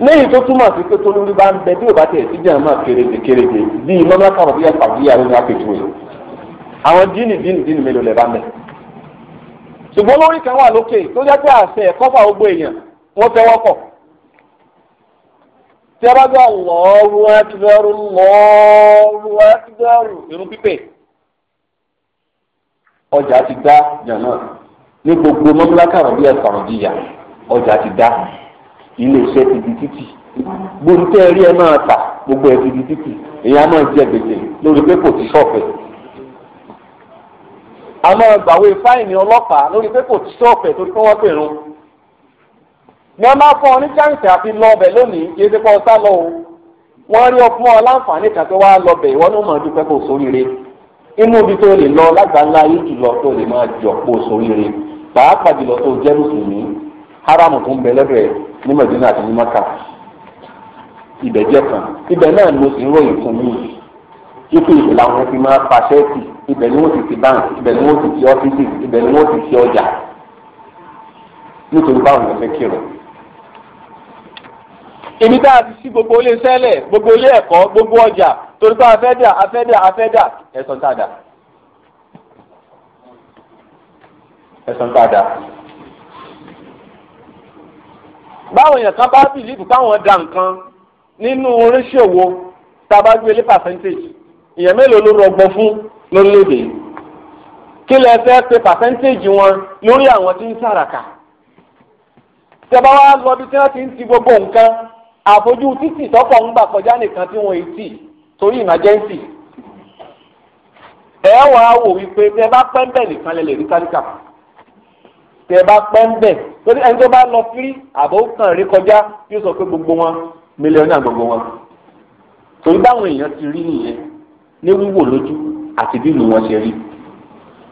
lẹ́yìn tó túmọ̀ sí pé tolórí bá ń bẹ bí òbá tẹ̀ sí jàmá kéréje kéréje bíi mọ́nà kàwọ́ bí àpàdé àwọn ènìyàn àpèjú rẹ̀ àwọn díìnì díìnì díìnì mélòó lẹ̀ bá mẹ́. ṣùgbọ́n lórí kan wà lókè tó jẹ́ pé àṣẹ ẹ̀kọ́ fà gbogbo èèyàn wọ́n tẹ́wọ́ kọ̀ tí a bá gbọ́ Allahu Akbar Allahu Akbar irun pípẹ́ ọjà ti dá jàǹdà ní gbogbo mọ́mílákàrọ̀ bí ẹ̀sán òjìyà ọjà ti dá ilé iṣẹ́ ti di títì gbóńtẹ́ rí ẹ máa tà gbogbo ẹ̀ ti di títì èyí á máa jẹ gbèsè lórí pé kò ti ṣọ̀fẹ̀ a máa gbàwé fáìní ọlọ́pàá lórí pé kò ti ṣọ̀fẹ̀ torí pé wọ́n pè rún ni wọn bá fún ọ ní chance àfi lọ ọbẹ lónìí kì í ṣe ọ sá lọ o wọn rí ọ fún ọ láǹfààní kan tó wá lọ bẹ ìwọ ní màá dúpẹ́ kó sóríire inú ibi tó lè lọ lágbàńlá yìí jùlọ tó lè máa jọ kó sóríire pàápàá jùlọ tó jẹ́ mùsùlùmí haramu tó ń bẹ lọ́dọ̀ ẹ̀ ní Mẹdínà àti ní Maka ibẹ̀ jẹ́ kan ibẹ̀ náà ni mo sì ń ròyìn fún mi ipò ìlú làwọn fi máa pàṣẹ sí ibẹ̀ ni wọ́n ti ti báńkì ibẹ̀ ni wọ́n ti ti ọ́fíìsì ibẹ̀ ni wọ́n ti ti ọjà nítorí báwọn ló kírun ibi tá a ti sí gbogbo ilé sẹ́lẹ̀ gbogbo ilé ẹ̀kọ́ gbogbo ọjà torí pé afẹ́dà afẹ́dà afẹ́dà ẹ̀sán tàdà ẹ̀sán tàdà. báwọn èèyàn kan bá bìlíìfù káwọn da nǹkan nínú oríṣiòwò tá a bá gbé lé percentage èèyàn mélòó ló rọgbọ fún lórílẹ̀‐èdè kí lẹ fẹ́ pe percentage wọn lórí àwọn tí ń sàràkà tẹ bá wá lọ bí tí wọ́n ti ń ti gbogbo nǹkan àfojú títì tọ́pọ̀ ń gbà kọjá nìkan tí wọ́n ti torí emergency ẹ wà á wò wípé tẹ́ bá pẹ́ ń bẹ̀ nìkan lẹ lè rí kálíkà tẹ́ bá pẹ́ ń bẹ̀ torí ẹni tó bá lọ fírí àbọ̀ kàn rí kọjá yóò sọ pé gbogbo wọn mílíọ̀nù gbogbo wọn torí báwọn èèyàn ti rí nìyẹn ní wíwò lójú àti bí ìlú wọn ṣe rí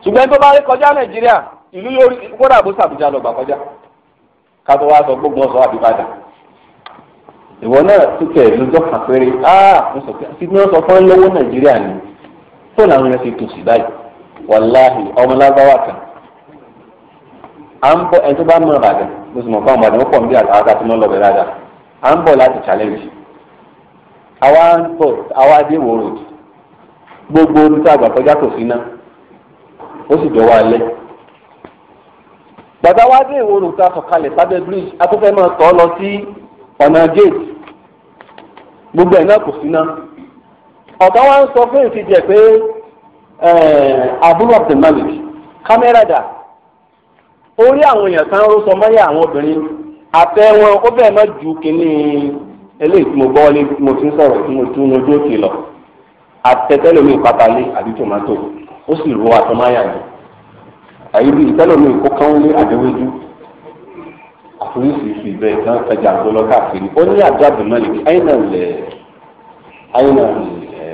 ṣùgbọ́n tó bá rí kọjá nàìjíríà ìlú yóò rí kódà bó ṣàbújá lọ gbà kọjá ká tó wá sọ gbogbo ọ̀sán àbíbàdàn ìwọ náà túkẹ̀ lójọ́ kan péré áà ah, sọ fún lọ́wọ́ nàìjíríà ni tó làwọn yẹn ti tò báyìí wàláhì ọmọ lágbáwá kan à ń bọ̀ ẹni tó bá mọ ìbàdàn mo sì mọ̀ fún ó pọ̀ gbogbo orí tí àgbà kọjá kò sí ná ó sì jọ wá lẹ́ gbàgbá wá dé bridge náà lọ sí ọ̀nà gbogbo ẹ̀ náà kò sí náà ọ̀gá wa ń sọ fún ìfi jẹ pé àbúrò Abdul Malik kámẹ́rà dà orí àwọn èèyàn kan ló sọ mọ́yà àwọn obìnrin àtẹ wọn ó bẹ́ẹ̀ má ju kínní eléyìí tí mo gbọ́ mo ti ń sọ̀rọ̀ tí mo tún ojú òkè lọ àtẹ tẹlẹmìí àbí tòmátò ó sì ro àtọmáyà yẹn àyíbí tẹlẹmìí kó kánwó lé àdéwéjú oríṣiríṣi bẹ́ẹ̀ tí wọ́n tajà àgbo lọ káàkiri ó ní àdúràbù mọ́lẹ̀ àyìnà lẹ̀ àyìnà lẹ̀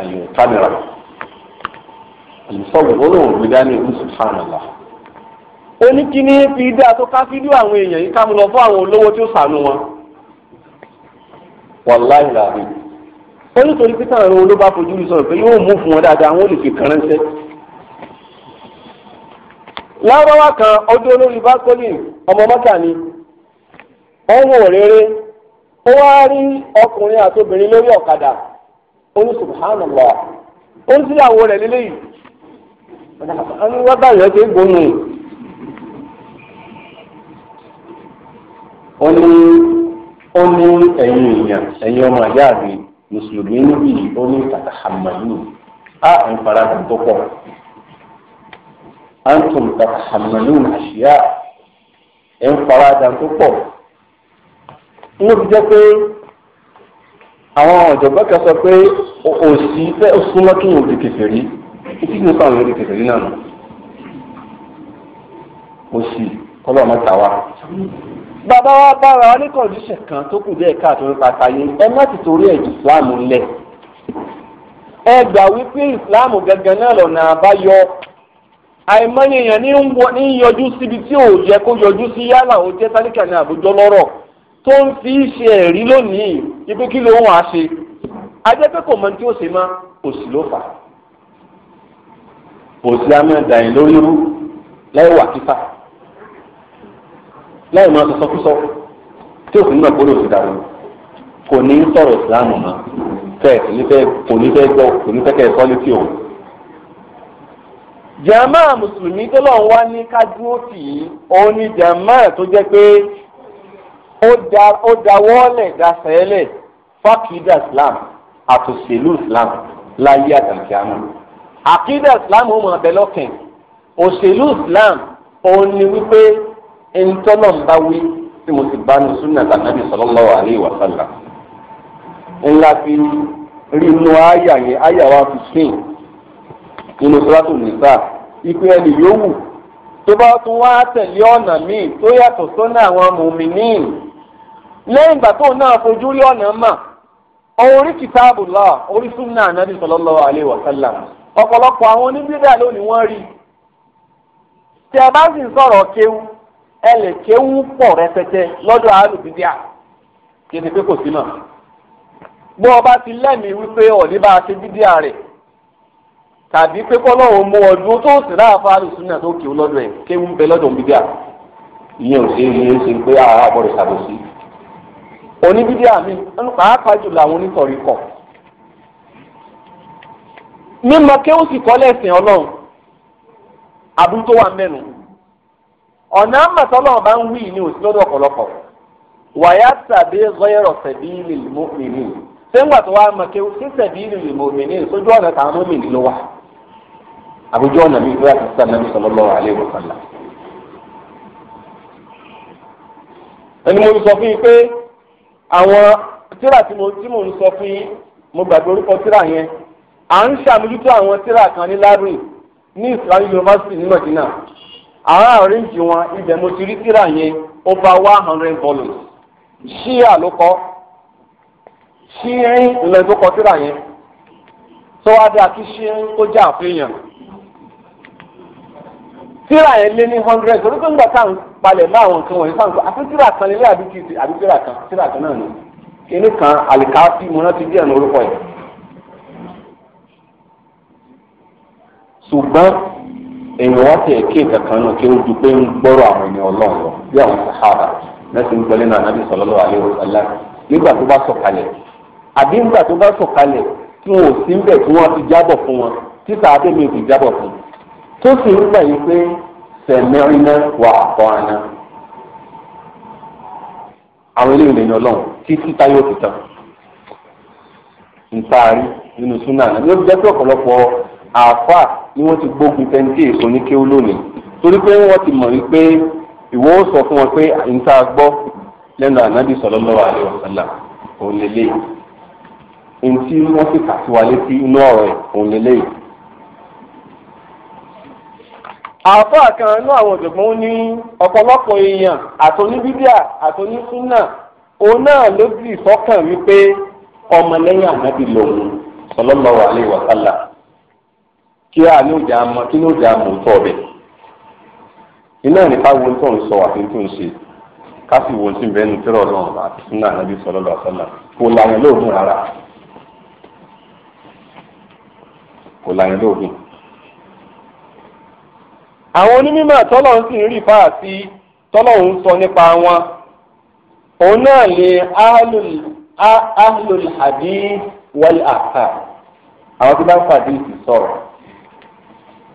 àyò kámẹ́rà ìsọ̀rọ̀ olóhùn mi dání oṣù fáànàlà. ó ní kí ní fi dé àtó ká fídíò àwọn èèyàn yìí ká mú lọ fún àwọn olówó tí ó ṣàánú wọn. wàláhì làbí ó ní torí pé táwọn olówó bá fojú rí sọ̀rọ̀ pé yóò mú fún wọn dáadáa àwọn olùkè kan ránṣẹ́. lárọ́wá kan ọdún olórí bákọ́lì ọmọ mọ́kà ni ó ń wò rere ó wá rí ọkùnrin àti obìnrin lórí ọ̀kadà ó ní subhanallah ó ń síyàwó rẹ̀ lélẹ́yìí wọ́n bá yẹn ṣe gbónú ó ní ó ní ẹ̀yin èèyàn ẹ̀yin ọmọ àyá mi mùsùlùmí níbi ó ní tàtàhàmà yìí á ń fara tó pọ̀. antum tatahamalun àṣìyá ẹ̀ ń farada tó pọ̀. inú fi jẹ́ pé àwọn ọ̀jọ̀gbọ́n kan sọ pé òsì fẹ́ súnmọ́ kí n ò di kèfèrí títí ní káwọn ò di kèfèrí náà nù. òsì kọ́lọ́ ọmọ tà wá. bàbá wa bára wa ní kọ̀ǹdíṣẹ̀ kan tó kù díẹ̀ káàtó nípa tayé ẹ má ti torí ẹ̀ jù Islam lẹ̀. ẹ gbà wípé Islam gangan náà lọ́nà àbáyọ àìmọye èèyàn ní ń yọjú síbi tí ò yẹ kó yọjú sí yálà ó jẹ́ tálíkà ní àbújọ lọ́rọ̀ tó ń fi í ṣe ẹ̀rí lónìí ibi kí ló ń wá ṣe ajẹ́ pé kò mọ tí ó ṣe má òsì ló fà òsì àmì àdàyìn lórí irú láì wà kíkà láì máa sọsọ kúsọ tí òsì náà gbọ́dọ̀ sí dàrú kò ní sọ̀rọ̀ ìsìlámù mọ́ fẹ́ẹ̀ kò ní fẹ́ gbọ́ kò ní fẹ́ kẹ́ ẹ sọ létí òun jàmáà mùsùlùmí tó lọ́n wá ní kájúó tì í òun ni jàmáà tó jẹ́ pé ó dáwọ́lẹ̀ dasẹ̀ẹ́lẹ̀ fákìdá islam àtòṣèlú islam láyé àtàkìámù àkìdá islam ó mọ̀ ọ́bẹ̀ lọ́kàn òṣèlú islam òun ni wípé ntọ́nà ń bá wí tí mo ti bá ní sunna tàbí sallallahu alaihi wa sallam ńlá fi rí inú àyà yẹn àyà wa fi sìn nínú sọ́látò nìsà ìpè ẹnì yòówù tó bá tún wá tẹ̀lé ọ̀nà míì tó yàtọ̀ sọ́nà àwọn mùmíní lẹ́yìn ìgbà tó náà fojú rí ọ̀nà mà orí kìtáàbù lọ orí súnà ànábì sallallahu alaihi wasallam ọ̀pọ̀lọpọ̀ àwọn oníbídà lónìí wọ́n rí tí a bá sì ń sọ̀rọ̀ kéwú ẹ lè kéwú pọ̀ rẹpẹtẹ lọ́dọ̀ àlùbídíà kí ni pé kò sí mọ̀ bó o bá ti lẹ́mìí wípé ọ̀ní tàbí pé kọ́lọ́hún mú ọ dúró tó sì láàfáà àlùsùn náà tó kì í lọ́dọ̀ ẹ̀ kéwù ń bẹ lọ́dọ̀ òun bíbíà ìyẹn ò ṣe é ṣe é ṣe pé àá ah, àbọ̀rẹ̀ ṣàbòsí. oníbíbíà mi pàápàá jùlọ àwọn onítọ̀rí kọ̀. mímọ kéwù sì kọ́ lẹ́sìn ọlọ́run àbúrú tó wà mẹ́nu. ọ̀nà àmọ̀tọ́lọ́ bá ń wí ní òsì lọ́dọ̀ ọ̀pọ̀lọpọ̀ wàyà tàbí gọ́yẹ̀rọ̀ tẹ̀bí lè mú mi ní. sẹ́ńgbà tó wà mọ̀ kéwù sí tẹ̀bí lè mú mi ní ìsójú ọ̀nà tàwọn àbújọ ọ̀nà mi ìfẹ́ àtúntà nàbí sallallahu alaihi wasallam. ẹni mo sọ fún yín pé àwọn tíra tí mo ń sọ fún yín mo gbàgbé orúkọ tíra yẹn à ń ṣàmójútó àwọn tíra kan ní library ní Islamic University ní Madina àwọn àríǹjì wọn ibẹ̀ mo ti rí tíra yẹn over one hundred volumes ṣíà ló kọ ṣíà ńlẹ̀ tó kọ tíra yẹn tó wá dáa kí ṣíà kó jẹ́ àfihàn. tíra yẹn lé ní hundred torí nígbà tá à ń palẹ̀ bá àwọn nǹkan wọ̀nyí sáà na àti tíra kan nílé àbí kìí àbí tíra kan tíra kan náà ni kíní kan àlìkáfí mo rántí díẹ̀ ní orúkọ yẹn. ṣùgbọ́n èèyàn wá tiẹ̀ kí kan náà kí ó ju pé ń gbọ́rọ̀ àwọn ènìyàn ọlọ́run lọ bí àwọn mẹ́sì ń gbọ́lé náà nábì nígbà tó bá sọ̀kalẹ̀ tó sì ń gbà yìí pé sẹ̀mẹ́rìnà wà àbọ̀ àná àwọn eléyìí lè ní ọlọ́run tí títa yóò fi tán ntaari nínú súnà náà ló jẹ́ pé ọ̀pọ̀lọpọ̀ àáfàá ni wọ́n ti gbógun tẹ́ńtì èso ní kéwú lónìí torí pé wọ́n ti mọ̀ wípé ìwọ ó sọ fún wọn pé nta gbọ́ lẹ́nu ànábì sallallahu alaihi wasallam òun lélẹ́yìí ntí wọ́n sì kà sí wa létí inú ọ̀rọ̀ ẹ̀ òun lélẹ́yìí. àáfàá kan inú àwọn ọ̀jọ̀gbọ́n ó ní ọ̀pọ̀lọpọ̀ èèyàn àtòníbíbíà àtònísúnà òun náà ló dì sọ́kàn mi pé ọmọlẹ́yìn ànábì lòun kí á ní òjà mọ iná wo tó ń sọ àti tó ń ṣe ká kò láyìn lóògùn àwọn onímọ̀ tọ́lọ́run sì ń rí fáà sí tọ́lọ́run sọ nípa wọn òun náà lè ahlul hadith wal akhar àwọn tí bá ń pàdé ìsì sọ̀rọ̀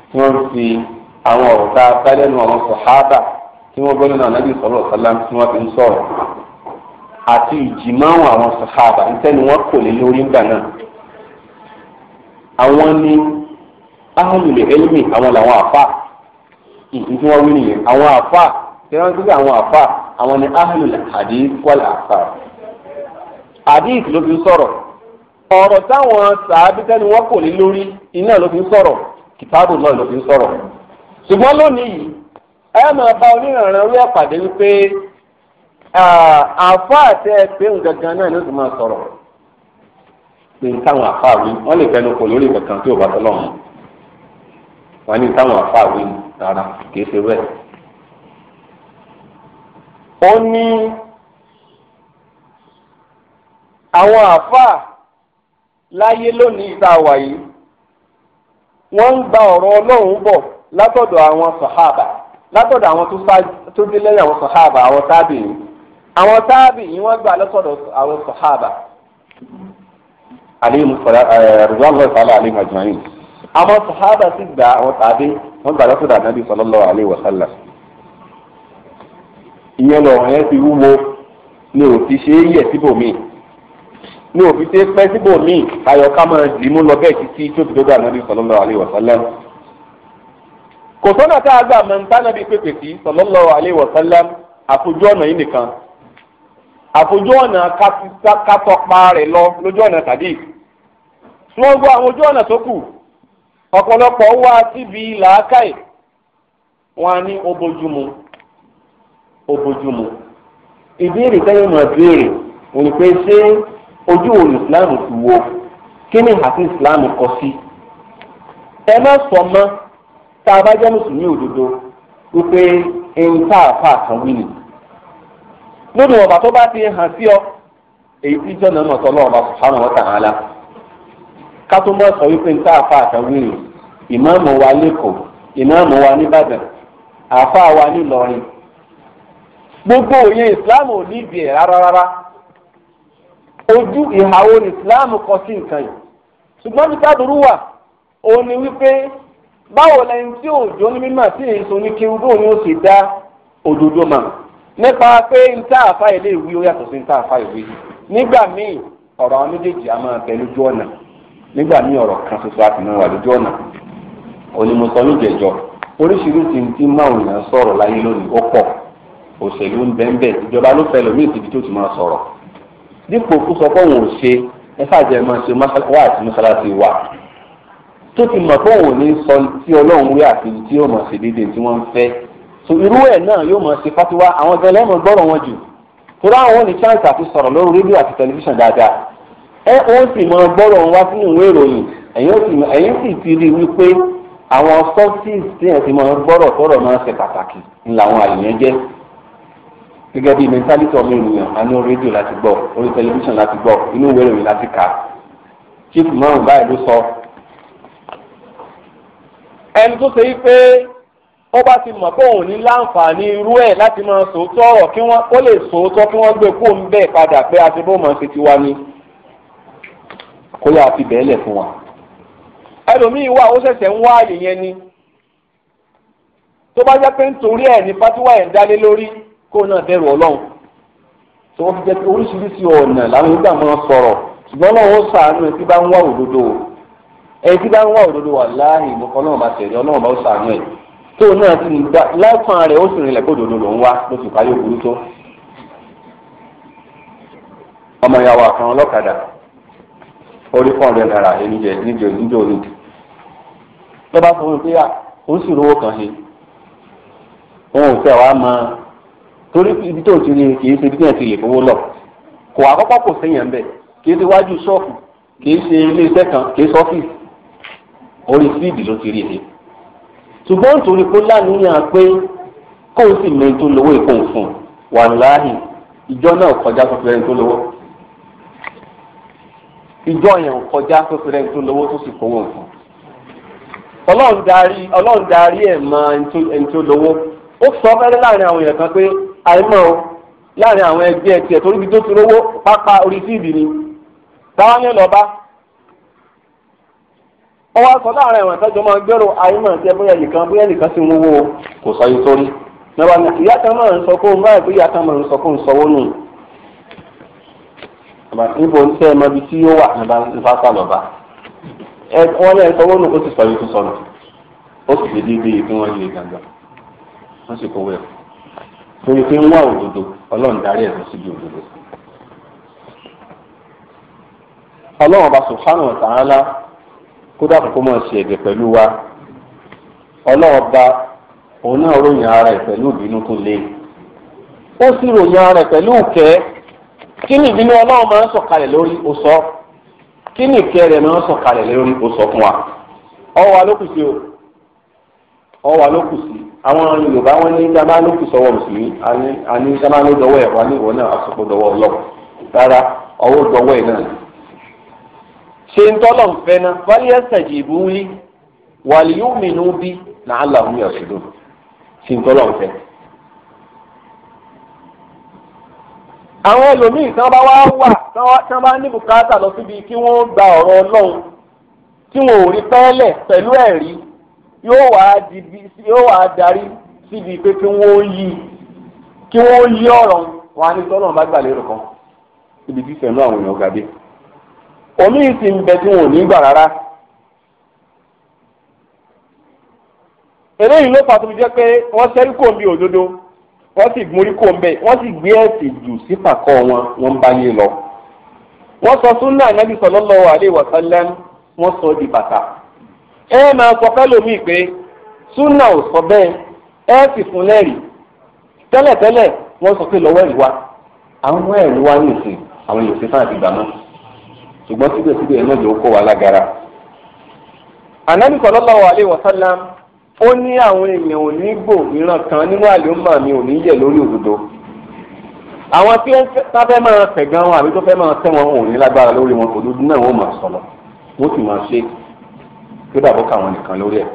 tí wọ́n fi àwọn ọ̀rọ̀ tá a fẹ́ lẹ́nu àwọn sọ̀hábà tí wọ́n gbọ́ nínú ànábì sọ̀rọ̀ sálám tí wọ́n fi ń sọ̀rọ̀ àti ìjìmáwọn àwọn sọ̀hábà ń tẹ́nu wọn kò lè lórí ńgbà náà àwọn ni ahlul ilmi àwọn làwọn àfáà. ìdí wọn wí nìyẹn àwọn àfa tẹ́wọ́n gbé àwọn àfa àwọn ni ahlul hadith wal akhar hadith ló fi sọ̀rọ̀ ọ̀rọ̀ táwọn sàábí wọ́n kò ní lórí iná ló fi sọ̀rọ̀ kìtáàbù náà ló fi sọ̀rọ̀ ṣùgbọ́n lónìí yìí ẹ máa bá ti máa sọ̀rọ̀ pé táwọn àfa wí wọ́n lè fẹnu kò lórí tí ò bá wọ́n ní táwọn àfa rárá kìí ṣe ó ní àwọn wà yìí wọ́n ń gba ọ̀rọ̀ ọlọ́run bọ̀ látọ̀dọ̀ àwọn látọ̀dọ̀ àwọn tó dé lẹ́yìn àwọn àwọn àwọn wọ́n gbà látọ̀dọ̀ àwọn sàhábà sì gbà àwọn tàbí wọ́n gbà lọ́sọ̀dọ̀ ànábì sallallahu alaihi wasallam ìyẹn lọ̀rọ̀ yẹn ti wúwo ni ò ti ṣe é yẹ̀ síbòmíì ní òfin tí pẹ́ síbò míì ayọ̀ká máa dì mú lọ bẹ́ẹ̀ títí tó fi dọ́gba nàbí sallallahu alaihi wasallam. kò sọ́nà tá a gbà mọ̀ nípa nàbí pèpè sí sallallahu alaihi wasallam àfojú ọ̀nà yìí nìkan. àfojú ọ̀nà kátọ́pa rẹ̀ lọ lójú ọ̀nà tàbí. tí wọ́n gbọ́ àwọn ojú ọ̀nà tó kù ọ̀pọ̀lọpọ̀ wá síbi làákàyè wọn ní ó obojumu, ó bójúmu ìbéèrè tẹ́yìn mọ̀ béèrè òní pé ṣé ojú wo ni islam ti wo kí ni àti islam kọ sí ẹ má sọ mọ́ tá a bá jẹ́ mùsùlùmí òdodo wípé ẹni tá a fa àkànwí ni lónìí ọ̀bà tó bá ti hàn sí ọ èyí tí jọ́nà náà tọ́lọ́ ọba subhanahu wa ta'ala. kátó sọ wípé níta àfa àtàwìn ìmáàmù wa lẹ́kọ̀ọ́ ìmáàmù wa nìbàdàn àfa wa nìlọrin gbogbo òye islam ò ní ibi ẹ̀ rárá rárá ojú ìhàwó islam kọ sí nǹkan yìí ṣùgbọ́n mi sádùrú wà òun ni wípé báwo lẹni tí òjò ní mímọ̀ sí èso ní kí odó ni ó sì dá òdodo mà nípa pé níta àfa ilé ìwé ó yàtọ̀ sí níta àfa ìwé nígbà míì ọ̀rọ̀ àwọn méjèèjì á máa bẹ lójú ọ̀nà. nígbà míì ọ̀rọ̀ kan ṣoṣo àti mú wa lójú ọ̀nà onímọ̀sọ ní ìjẹ̀jọ́ oríṣiríṣi tí máwùn yẹn sọ̀rọ̀ láyé lónìí ó pọ̀ òṣèlú ń bẹ́ẹ̀ bẹ́ẹ̀ ìjọba ló fẹ́ lòmíì síbi tó ti máa sọ̀rọ̀ dípò kó sọ fóun ò ṣe ẹ fàjẹ́ máa ṣe wá àti mọ́ṣáláṣí wa tó ti mọ̀ fóun ò ní sọ tí ọlọ́run wí àti tí yóò máa ṣe déédéé tí wọ́n ń fẹ́ so irú ẹ̀ náà yóò máa ṣe fatiwa àwọn gẹlẹ́mọ̀ gbọ́rọ̀ wọn jù torí àwọn ò ní chance àti sọ̀rọ̀ lórí rédíò àti tẹlifíṣàn dáadáa ẹ ó sì mọ gbọ́rọ̀ wá sínú ìwé ìròyìn ẹ̀yìn sì ti rí wípé àwọn sources tí ẹ̀ ti mọ gbọ́rọ̀ tọ́rọ̀ máa ṣe pàtàkì làwọn àyẹ̀yẹ́ jẹ́ gẹ́gẹ́ bíi mentality ọmọ ènìyàn a ní rédíò láti gbọ́ orí tẹlifíṣàn láti gbọ́ inú ìwé ìròyìn láti kà chief márùn báyìí ló sọ. ẹni tó ṣe yí pé ó bá ti mọ̀ pé òun ní láǹfààní irú ẹ̀ láti máa sòótọ́ ọ̀rọ̀ kí wọ́n ó lè sòótọ́ kí wọ́n gbé kó ń bẹ́ẹ̀ padà pé àti bó máa ṣe tiwa ni kó yà á fi bẹ́ẹ̀ lẹ̀ fún wa ẹlòmíì wà ó ṣẹ̀ṣẹ̀ ń wá àyè yẹn ni tó bá jẹ́ pé nítorí ẹ̀ ní fatiwa ẹ̀ ń dálé lórí kó náà bẹ̀rù ọlọ́run tó wọ́n fi jẹ́ pé oríṣiríṣi ọ̀nà làwọn ìgbà máa sọ̀rọ̀ ṣùgbọ́n náà ó sàánú ẹ̀ tí bá ń wá òdodo ẹ̀ tí bá ń wá òdodo wà láàyè ìmọ̀kọ́ náà bá tẹ̀lé ọlọ́run bá ó sàánú ẹ̀ tó náà ti gbà láìpọ́n rẹ̀ ó sì rìnlẹ̀ kó òdodo lòún wá ló sì parí òkúrú tó. ọmọ ìyàwó àkàrà ọlọ́kadà orí kọ̀ọ̀rẹ́ náírà níjẹ níjẹ níjẹ orí ló bá fún mi ah, ó sì rówó kan ṣe òun ò tẹ̀ wá mọ torí ibi tó ti rí kì í ṣe bí yẹn ti lè fowó lọ kò àkọ́kọ́ kò séyàn bẹ̀ kì í ṣe wájú ṣọ́ọ̀fù kì í ṣe ilé iṣẹ́ kan kì í ṣe ọ́fíìsì orí síìdì ló ti rí èyí ṣùgbọ́n nítorí pé láníyàn pé kóun sì mẹ́ni tó lówó ìkóhùn fún wàláhì ìjọ náà kọjá sọ fún tó lówó. ìjọ yẹn kọjá tó fi rẹ́ni tó lówó tó sì a nǹkan. ọlọ́run darí ma darí ẹ̀ mọ ẹni tó ó sọ láàrin àwọn èèyàn kan pé láàrin àwọn ẹgbẹ ibi ni táwọn yẹn lọ bá. wá sọ láàrin àwọn gbèrò tí ẹ bóyá nìkan bóyá nìkan sì ń wówó kò sọ sórí. ìyá kan máa ń sọ kó ń báyìí níbo ń tẹ́ ẹ mọ ibi tí ó wà nípa sálọ̀bá wọ́n lẹ́yìn sọ́wọ́ nù ó sì sọ ikú sọnù ó sì lè dédé ìpín wọn yìí gàgbà wọ́n sì kówó ẹ̀ torí pé ń wá òdodo ọlọ́run darí ẹ̀ lọ síbi òdodo. ọlọ́run ọba subhanahu wa ta'ala kódà kókó mọ̀ ṣe ẹ̀gẹ̀ pẹ̀lú wa ọlọ́run ọba òun náà ròyìn ara ẹ̀ pẹ̀lú ìbínú tó le ó sì ròyìn ara ẹ̀ pẹ̀lú ìkẹ́ kí ni ìbínú ọlọ́run máa ń sọ̀kalẹ̀ lórí máa ń sọ̀kalẹ̀ lórí fún wa ọwọ́ alókùsí o ọwọ́ alókùsí àwọn yorùbá wọn ní dábàá lókùsí ọwọ́ mùsùlùmí àní dábàá ló dọwọ́ ẹ̀ wá ní ìwọ náà àsopọ̀ dọwọ́ ọlọ́run rárá ọwọ́ dọwọ́ ẹ̀ náà ṣe ń tọ́lọ̀ ń fẹ́ náà bí làálàá àwọn ẹlòmíì tí wọ́n bá wá wà tí wọ́n bá ní bùkátà lọ síbi kí wọ́n gba ọ̀rọ̀ Ọlọ́run tí wọn ò rí pẹ́ẹ́lẹ̀ pẹ̀lú ẹ̀rí yóò wá darí síbi pé kí wọ́n yí kí wọ́n yí ọ̀rọ̀ wọn á ní sọ́nà bá gbà lérò kan ibi tí sẹ́nu àwọn èèyàn gàdé omi sì ń bẹ tí wọn ò ní gbà rárá. eléyìí ló fà tó fi jẹ́ pé wọ́n ṣẹ́rí ń bi òdodo. wọ́n sì mórí kó ń bẹ̀ wọ́n sì gbé ẹ̀sìn jù sí pàkọ́ wọn wọ́n ń báyé lọ. wọ́n sọ súnà nábì sallallahu alaihi wasallam wọ́n sọ di bàtà. ẹ máa sọ fẹ́lòmíì pé súnà ò sọ bẹ́ẹ̀ ẹ sì fún lẹ́rìí tẹ́lẹ̀tẹ́lẹ̀ wọ́n sọ pé lọ́wọ́ ẹ̀rí wa àwọn ẹ̀rí wa ní ìsìn àwọn yòókù sáà ti gbà náà ṣùgbọ́n síbẹ̀síbẹ̀ náà ló kó wa lágara. ànábì sallallahu alaihi wasallam ó ní àwọn èèyàn ò ní gbòmíràn kan nínú àlùmọ̀ mi ò ní yẹ̀ lórí òdodo àwọn tí wọ́n fẹ́ máa tẹ̀gàn wọn àbí tó fẹ́ máa tẹ́ wọn ò ní lágbára lórí wọn òdodo náà wọ́n máa sọ̀rọ̀ wọ́n sì máa ṣe tó dàbọ̀ káwọn nìkan lórí ẹ̀.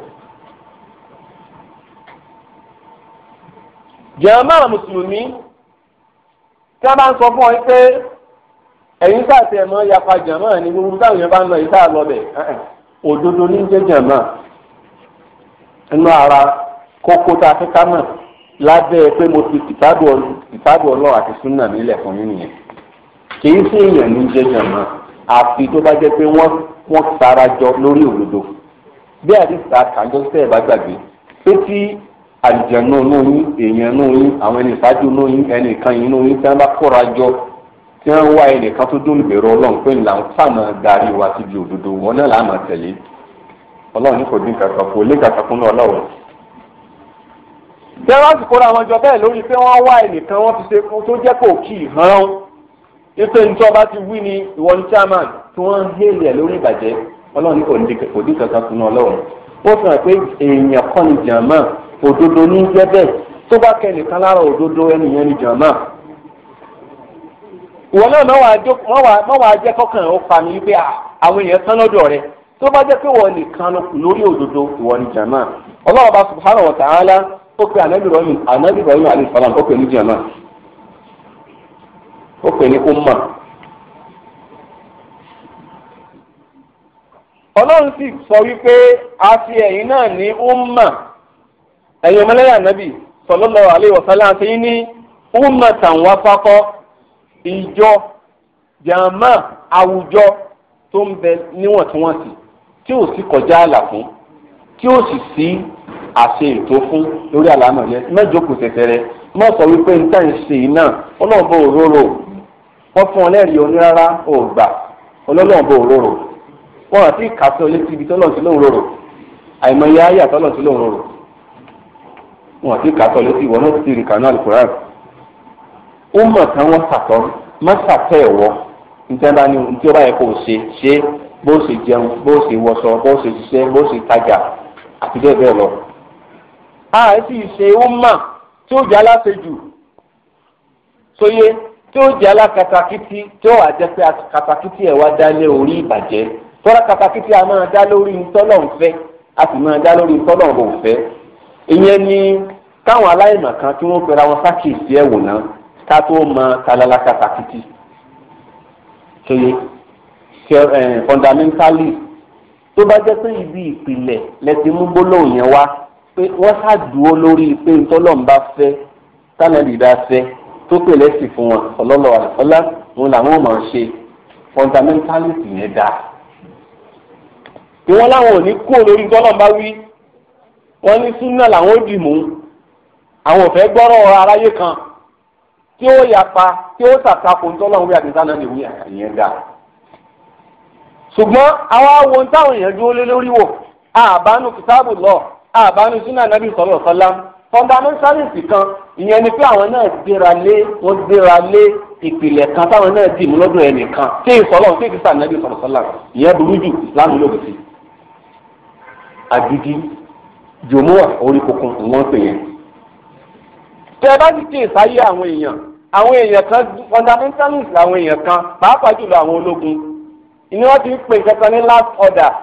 jàmáà mùsùlùmí tí wọ́n bá ń sọ fún ọ pé ẹ̀yin sáà tẹ̀ mọ́ yapa jàmáà ni gbogbo táwọn èèyàn bá ń lọ yìí sáà lọ bẹ̀ òdodo ní jẹ́ jàmáà nínú ara kókó tá a fi ká mọ̀ lábẹ́ pé mo fi kìtàbù ọlọ́run àti súnà nílẹ̀ fún yín nìyẹn kì í sí èèyàn ní jẹjọ náà àfi tó bá jẹ́ pé wọ́n wọ́n tara jọ lórí òdodo bí àdìsá kàjọ sẹ́ẹ̀ bá gbàgbé pé tí àlìjẹ̀nù lóyún èèyàn lóyún àwọn ẹni ìṣáájú lóyún ẹni ìkan yìí lóyún tí wọ́n bá kóra jọ tí wọ́n wá ẹnìkan tó dún ìbẹ̀rù ọlọ́run pé ńlá ń fàmà darí wa síbi òdodo wọn náà láàmà tẹ̀lé ọlọ́run ní kò dín kankan kò lé náà ọlọ́run. kóra àwọn jọ bẹ́ẹ̀ lórí pé wọ́n wá ẹnìkan wọ́n fi ṣe tó jẹ́ kò kì í hàn ife ní tí ti wí ni ìwọ ní chairman tí wọ́n ń lórí ìbàjẹ́ ọlọ́run ní kò dín ọlọ́run. hàn èèyàn kọ́ òdodo ní jẹ́ bẹ́ẹ̀ tó lára òdodo ẹnìyẹn ni jàmá ìwọ náà wàá tó bá jẹ́ pé wọ́n nìkan lórí òdodo ìwọ ni jàmá ọlọ́run bá subhanahu ó pe anabi ibrahim anabi ibrahim ó pe ní jàmá ó pe ní umma. ọlọ́run sì sọ wípé a fi ẹ̀yin náà ní umma ẹ̀yin ọmọlẹ́yìn anabi sallallahu alayhi àti yín ní ummatan wafaqo ìjọ jàmá tí ò sí kọjá àlà fún tí sì sí àṣẹ ètò fún lórí àlànà yẹn mẹ́jọ kò tẹ̀tẹ̀ rẹ sọ wípé n tá ń ṣe yìí náà ọlọ́ọ̀bọ òróró wọ́n fún ọ onírárá òògbà ọlọ́ọ̀bọ òróró àti ibi sí lóun ayé sí lóun àti ti ó mọ̀ tán wọ́n sàtọ́ má sàtẹ́ ẹ̀wọ́ ní tí wọ́n bá yẹ kó o ṣe ṣe é bó ṣe jẹun bó ṣe wọṣọ bó ṣe ṣiṣẹ́ bó ṣe tajà àti bẹ́ẹ̀ bẹ́ẹ̀ lọ. a sì ṣe ó mà tí ó jẹ́ aláṣejù sóyè tí ó jẹ́ alákatakítí tí ó wà jẹ́ pé katakítí ẹ̀ wá dá lé orí ìbàjẹ́ tọ́lá katakítí a máa dá lórí ntọ́lọ̀ ńfẹ́ a sì máa dá lórí ntọ́lọ̀ òfẹ́ ìyẹn ni káwọn aláìmọ̀ kan tí wọ́n pera wọn sákìsì ẹ̀wò náà ká tó mọ talala katakítí Eh, fundamentally tó bá jẹ́ pé ibi ìpìlẹ̀ lẹ́sìn mú gbólóhùn yẹn wá pé wọ́n ṣàdúró lórí pé ntọ́lọ́run bá fẹ́ tánàbì bá fẹ́ tó pè lẹ́sìn fún wọn ọlọ́lọ́ àlọ́lá òun làwọn máa ń ṣe fundamentalist yẹn dáa. ìwọ́n láwọn ò ní kú lórí ntọ́lọ́run bá wí wọ́n ní súnà làwọn ò dì mú àwọn ò fẹ́ gbọ́rọ̀ aráyé kan tí ó yapa tí ó ṣàtakò ntọ́lọ́run àti tánàbì ṣùgbọ́n àwọn àwọn táwọn èèyàn dúró lé lórí wò àbánú kìtáàbù lọ àbánú súnà nàbì sọ̀rọ̀ sọ́lá fọndamẹ́ntálìsì kan ìyẹn ni pé àwọn náà gbéra lé wọ́n gbéra lé ìpìlẹ̀ kan táwọn náà dì mú lọ́dún ẹnìkan tí ìsọ̀lọ́ tí ìkísà nàbì sọ̀rọ̀ sọ́lá ìyẹn burú jù láàmú lòdì àdìdí jòmúà orí kunkun wọ́n pè yẹn. tẹ́ ẹ bá ti kí ìsáyé àwọn èèyàn àwọn èèyàn kan fọndamẹ́ntálìsì àwọn èèyàn kan pàápàá jùlọ ìní wọn ti ń pè kankan ní last order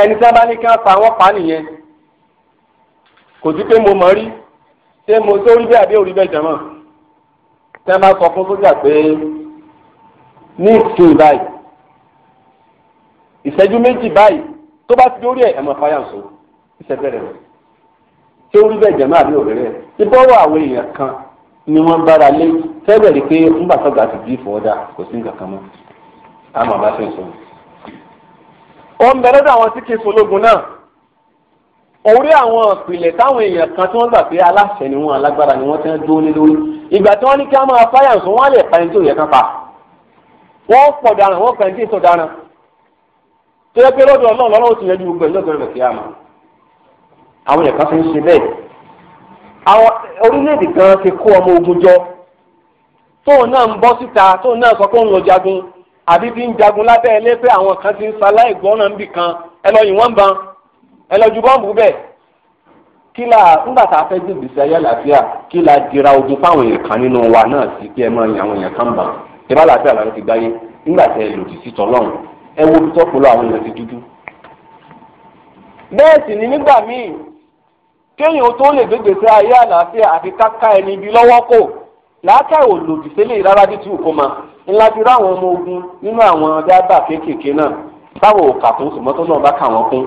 ẹni tí wọn bá ní kí wọn pa wọn pa nìyẹn kò sí pé mo mọ̀ rí ṣé mo tó rí bẹ́ẹ̀ àbí òrí bẹ́ẹ̀ jẹ̀mọ́ tí wọn bá sọ fún sójà pé ní ìsìn báyìí ìṣẹ́jú méjì báyìí tó bá ti dórí ẹ̀ ẹ̀mọ̀ fáyàǹsó ìṣẹ́jú rẹ̀ ṣé ó rí bẹ́ẹ̀ jẹ̀mọ́ àbí òrí rẹ̀ ti bọ́rọ̀ àwọn èèyàn kan ni wọ́n bára lé fẹ́ẹ́ bẹ̀rẹ̀ pé ńgbà sọ́gà ti bí ìfọ̀ọ́dà kò sí nǹkan kan mọ́ àmọ́ bá ṣe sùn. ó ń bẹ lọ́dọ̀ àwọn tí kì í sológun náà orí àwọn ìpìlẹ̀ táwọn èèyàn kan tí wọ́n gbà pé aláṣẹ ni wọ́n alágbára ni wọ́n ti ń dúró lé lórí ìgbà tí wọ́n ní kí wọ́n máa fáyà sùn wọ́n á lè pa ẹni tí ò yẹ kán pa wọ́n pọ̀ daran wọ́n pa ẹni tí ì sọ daran tó yẹ pé lọ́dọ̀ ọlọ́run lọ́wọ́ ti yanjú gbogbo ẹ̀ lọ́dọ̀ rẹ̀ kí á mọ̀ àwọn èèyàn kan fi ń ṣe bẹ́ẹ̀ àwọn orílẹ̀-èdè kan ti kó ọmọ ogun jọ tóun náà ń bọ́ síta tóun náà sọ pé òun lọ jagun àbí bí ń jagun lábẹ́ ilé pé àwọn kan ti ń saláì gbọ́nà ń bì kan ẹ lọ yìn wọ́n ń ban ẹ lọ ju bọ́ǹbù bẹ́ẹ̀ kí la nígbà tá a fẹ́ gbé gbèsè ayé àlàáfíà kí la dira ogun fáwọn èèyàn kan nínú wa náà sí pé ẹ máa yin àwọn èèyàn kan bàn ẹ bá làáfíà làwọn ti gbáyé nígbà tẹ lòdì sí tọlọ́run ẹ wo bitọ́ polo àwọn èèyàn ti dúdú. bẹ́ẹ̀ sì ni nígbà míì kéèyàn tó lè gbé gbèsè ayé àlàáfíà àti káká ẹni ibi lọ́wọ́ kò làákàyè ò lòdì sílẹ̀ rárá bí tí ò kó máa ńlá ti rá àwọn ọmọ ogun nínú àwọn dábà kéékèèké náà táwọn ò kà fún ṣùgbọ́n tó náà bá kà wọ́n kún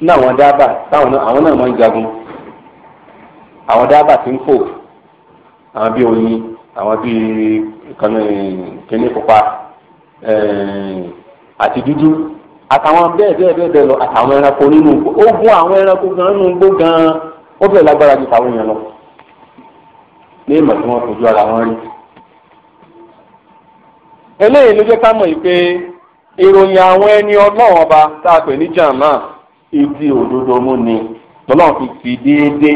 nínú àwọn dábà táwọn àwọn náà máa ń jagun àwọn dábà ti ń fò àwọn bíi oyin àwọn bíi eh, kíní pupa eh, àti dúdú àtàwọn bẹ́ẹ̀ bẹ́ẹ̀ bẹ́ẹ̀ bẹ́ẹ̀ lọ àtàwọn ẹranko nínú ogun àwọn ẹranko gan nínú igbó gan ó bẹ̀rẹ̀ lágbára ju tàwọn èèyàn lọ ní ìmọ̀ tí wọ́n fojú ara wọn rí eléyìí ló jẹ́ ká mọ̀ pé ìròyìn àwọn ẹni ọlọ́run ọba tá a pè ní jàmá ìdí òdodo mú ni lọ́lọ́run fi fi déédéé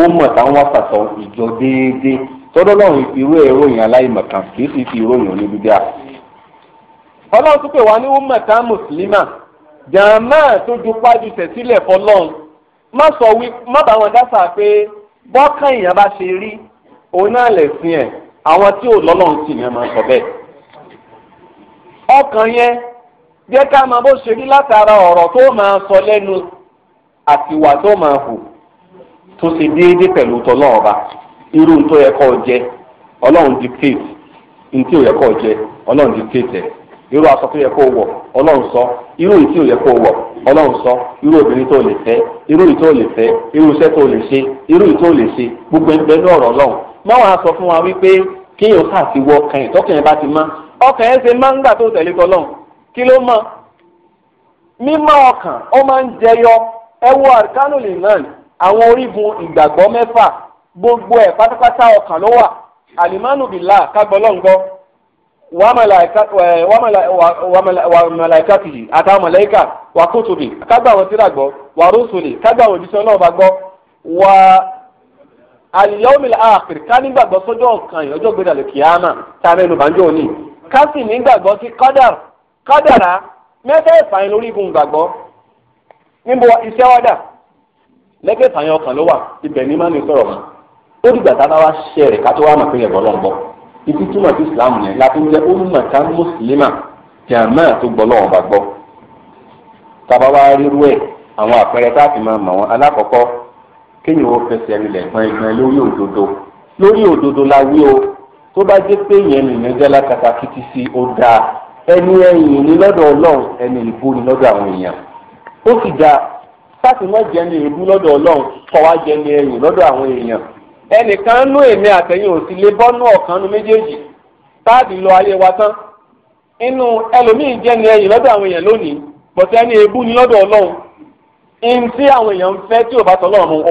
ó mọ̀ táwọn wá pàtó ìjọ déédéé tọ́dọ́ lọ́run ìfirú ìròyìn aláìmọ̀kan kì í sì fi ìròyìn oníbíbíà. ọlọ́run tún pè wá ní ummata mùsùlímà jàmá tó ju pájú tẹ̀sílẹ̀ fọlọ́run má sọ wí má bá wọn dáṣà pé bọ́kàn èèyàn bá ṣe rí òun náà lẹ̀sìn ẹ̀ àwọn tí ò lọ́lọ́run sì yẹn ọkàn yẹn jẹ́ ká máa bó ṣe rí látara ọ̀rọ̀ tó máa sọ lẹ́nu àti ìwà tó máa hù tó ṣe déédéé pẹ̀lú irú tó yẹ jẹ ọlọ́run dictate ní tí yẹ jẹ ọlọ́run dictate irú aṣọ tó yẹ wọ̀ ọlọ́run sọ irú ìtí ò yẹ wọ̀ ọlọ́run sọ irú obìnrin tó lè fẹ́ irú ìtí ò lè fẹ́ irú iṣẹ́ tó lè ṣe irú ìtí ò lè ṣe gbogbo ẹgbẹ́ ní ọ̀rọ̀ ọlọ́run mọ́wàá sọ fún wa wípé kéèyàn wọ kẹyìn bá ti ọkàn yẹn ṣe máa ń gbà tó tẹ̀lé tọ́lọ́n kí ló mọ̀ mímọ́ ọkàn ó máa ń jẹyọ ẹ wo arkanul iman àwọn orígun gbogbo ẹ̀ pátápátá ọkàn ló wà alimanu bila àtàwọn kágbà gbọ́ kágbà òjíṣẹ́ náà bá gbọ́ wà ká nígbàgbọ́ sọ́jọ́ ọ̀kan ìyọjọ́ gbẹdàlẹ̀ kìámà tá a mẹ́nu bá ń jọ ká ní gbàgbọ́ sí kádàr kádàrá lórí igun níbo iṣẹ́ ọkàn ló wà ibẹ̀ ní máa sọ̀rọ̀ mọ́ ó dìgbà tá a bá wá ṣiṣẹ́ rẹ̀ ká tó wá mọ̀ pé yẹn bọ́ lọ́nbọ̀ ibi túmọ̀ sí islam yẹn láti ń jẹ́ ummatan mùsùlùmá jàmá tó gbọ́ lọ́wọ́ bá gbọ́ tábà wá rírú ẹ̀ àwọn àpẹẹrẹ tá a fi máa mọ̀ wọn alákọ̀ọ́kọ́ kéèyàn ó fẹsẹ̀ rinlẹ̀ gbọ́n ẹgbẹ́ lórí òdodo tó bá jẹ́ pé yẹn nìyẹn jẹ́ lákàtà kìtì sí ó dáa ẹni ẹ̀yìn ni lọ́dọ̀ ọlọ́run ẹni ìbò ni lọ́dọ̀ àwọn èèyàn ó sì dáa sáàtì má jẹ́ ní ìbú lọ́dọ̀ ọlọ́run kọ́ wá jẹ́ ní ẹ̀yìn lọ́dọ̀ àwọn èèyàn ẹnìkan nú èmi àtẹ̀yìn ò sì lè bọ́nú ọ̀kan nu méjèèjì táàdì lọ ayé wa tán inú ẹlòmíì jẹ́ ní ẹ̀yìn lọ́dọ̀ àwọn èèyàn lónìí bọ̀tẹ́ ẹni ìbú ni lọ́dọ̀ ọlọ́run ihun tí àwọn èèyàn ń fẹ́ tí ò bá tọ́lọ́run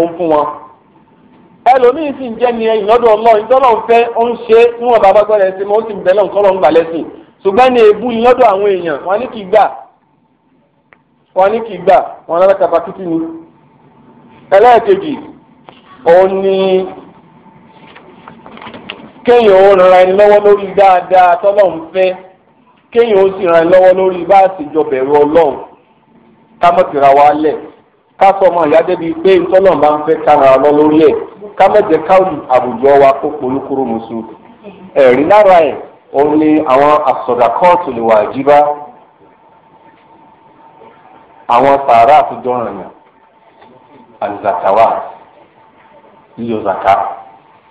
ẹlòmíín sì ń jẹ́ ni ẹ̀yìn lọ́dọ̀ ọlọ́run tọ́lọ́ fẹ́ ó ń ṣe níwọ̀n bàbá gbọ́dọ̀ ẹ̀sìn mọ́ ó sì ń bẹ́lẹ̀ nǹkan lọ́run gbà lẹ́sìn ṣùgbọ́n ní èébú lọ́dọ̀ àwọn èèyàn wọn ní kì í gbà wọn ní kì í gbà wọn ni. ẹlẹ́ẹ̀kejì ni ká má jẹ́ káwọn àwùjọ wa kó polúkúrú musu ẹ̀rí lára ẹ̀ òun ni àwọn àsọ̀dàkọ́ọ̀tù lè wà jíbá àwọn sàárà àtijọ́ rànyàn àzàkàwà yíyọ zàkà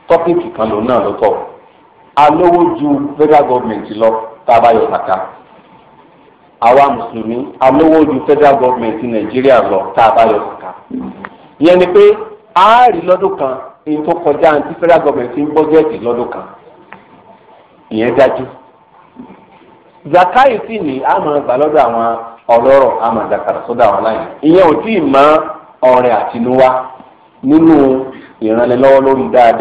tọ́pìkì kan lòun náà lọ́tọ̀ alówó ju federal government lọ tá a bá yọ zàkà àwa mùsùlùmí alówó ju federal government nàìjíríà lọ tá a bá yọ kàkà. ìyẹn ni pé a rí lọ́dún kan èyí tó kọjá àti federal government fi ń bọ́jẹ́ẹ̀tì lọ́dún kan ìyẹn dájú zakai sì ní a máa gbà lọ́dọ̀ àwọn ọlọ́rọ̀ a máa dàkàrà sọ́dọ̀ àwọn aláìní ìyẹn ò tí ì mọ ọrẹ nínú lórí dáadáa.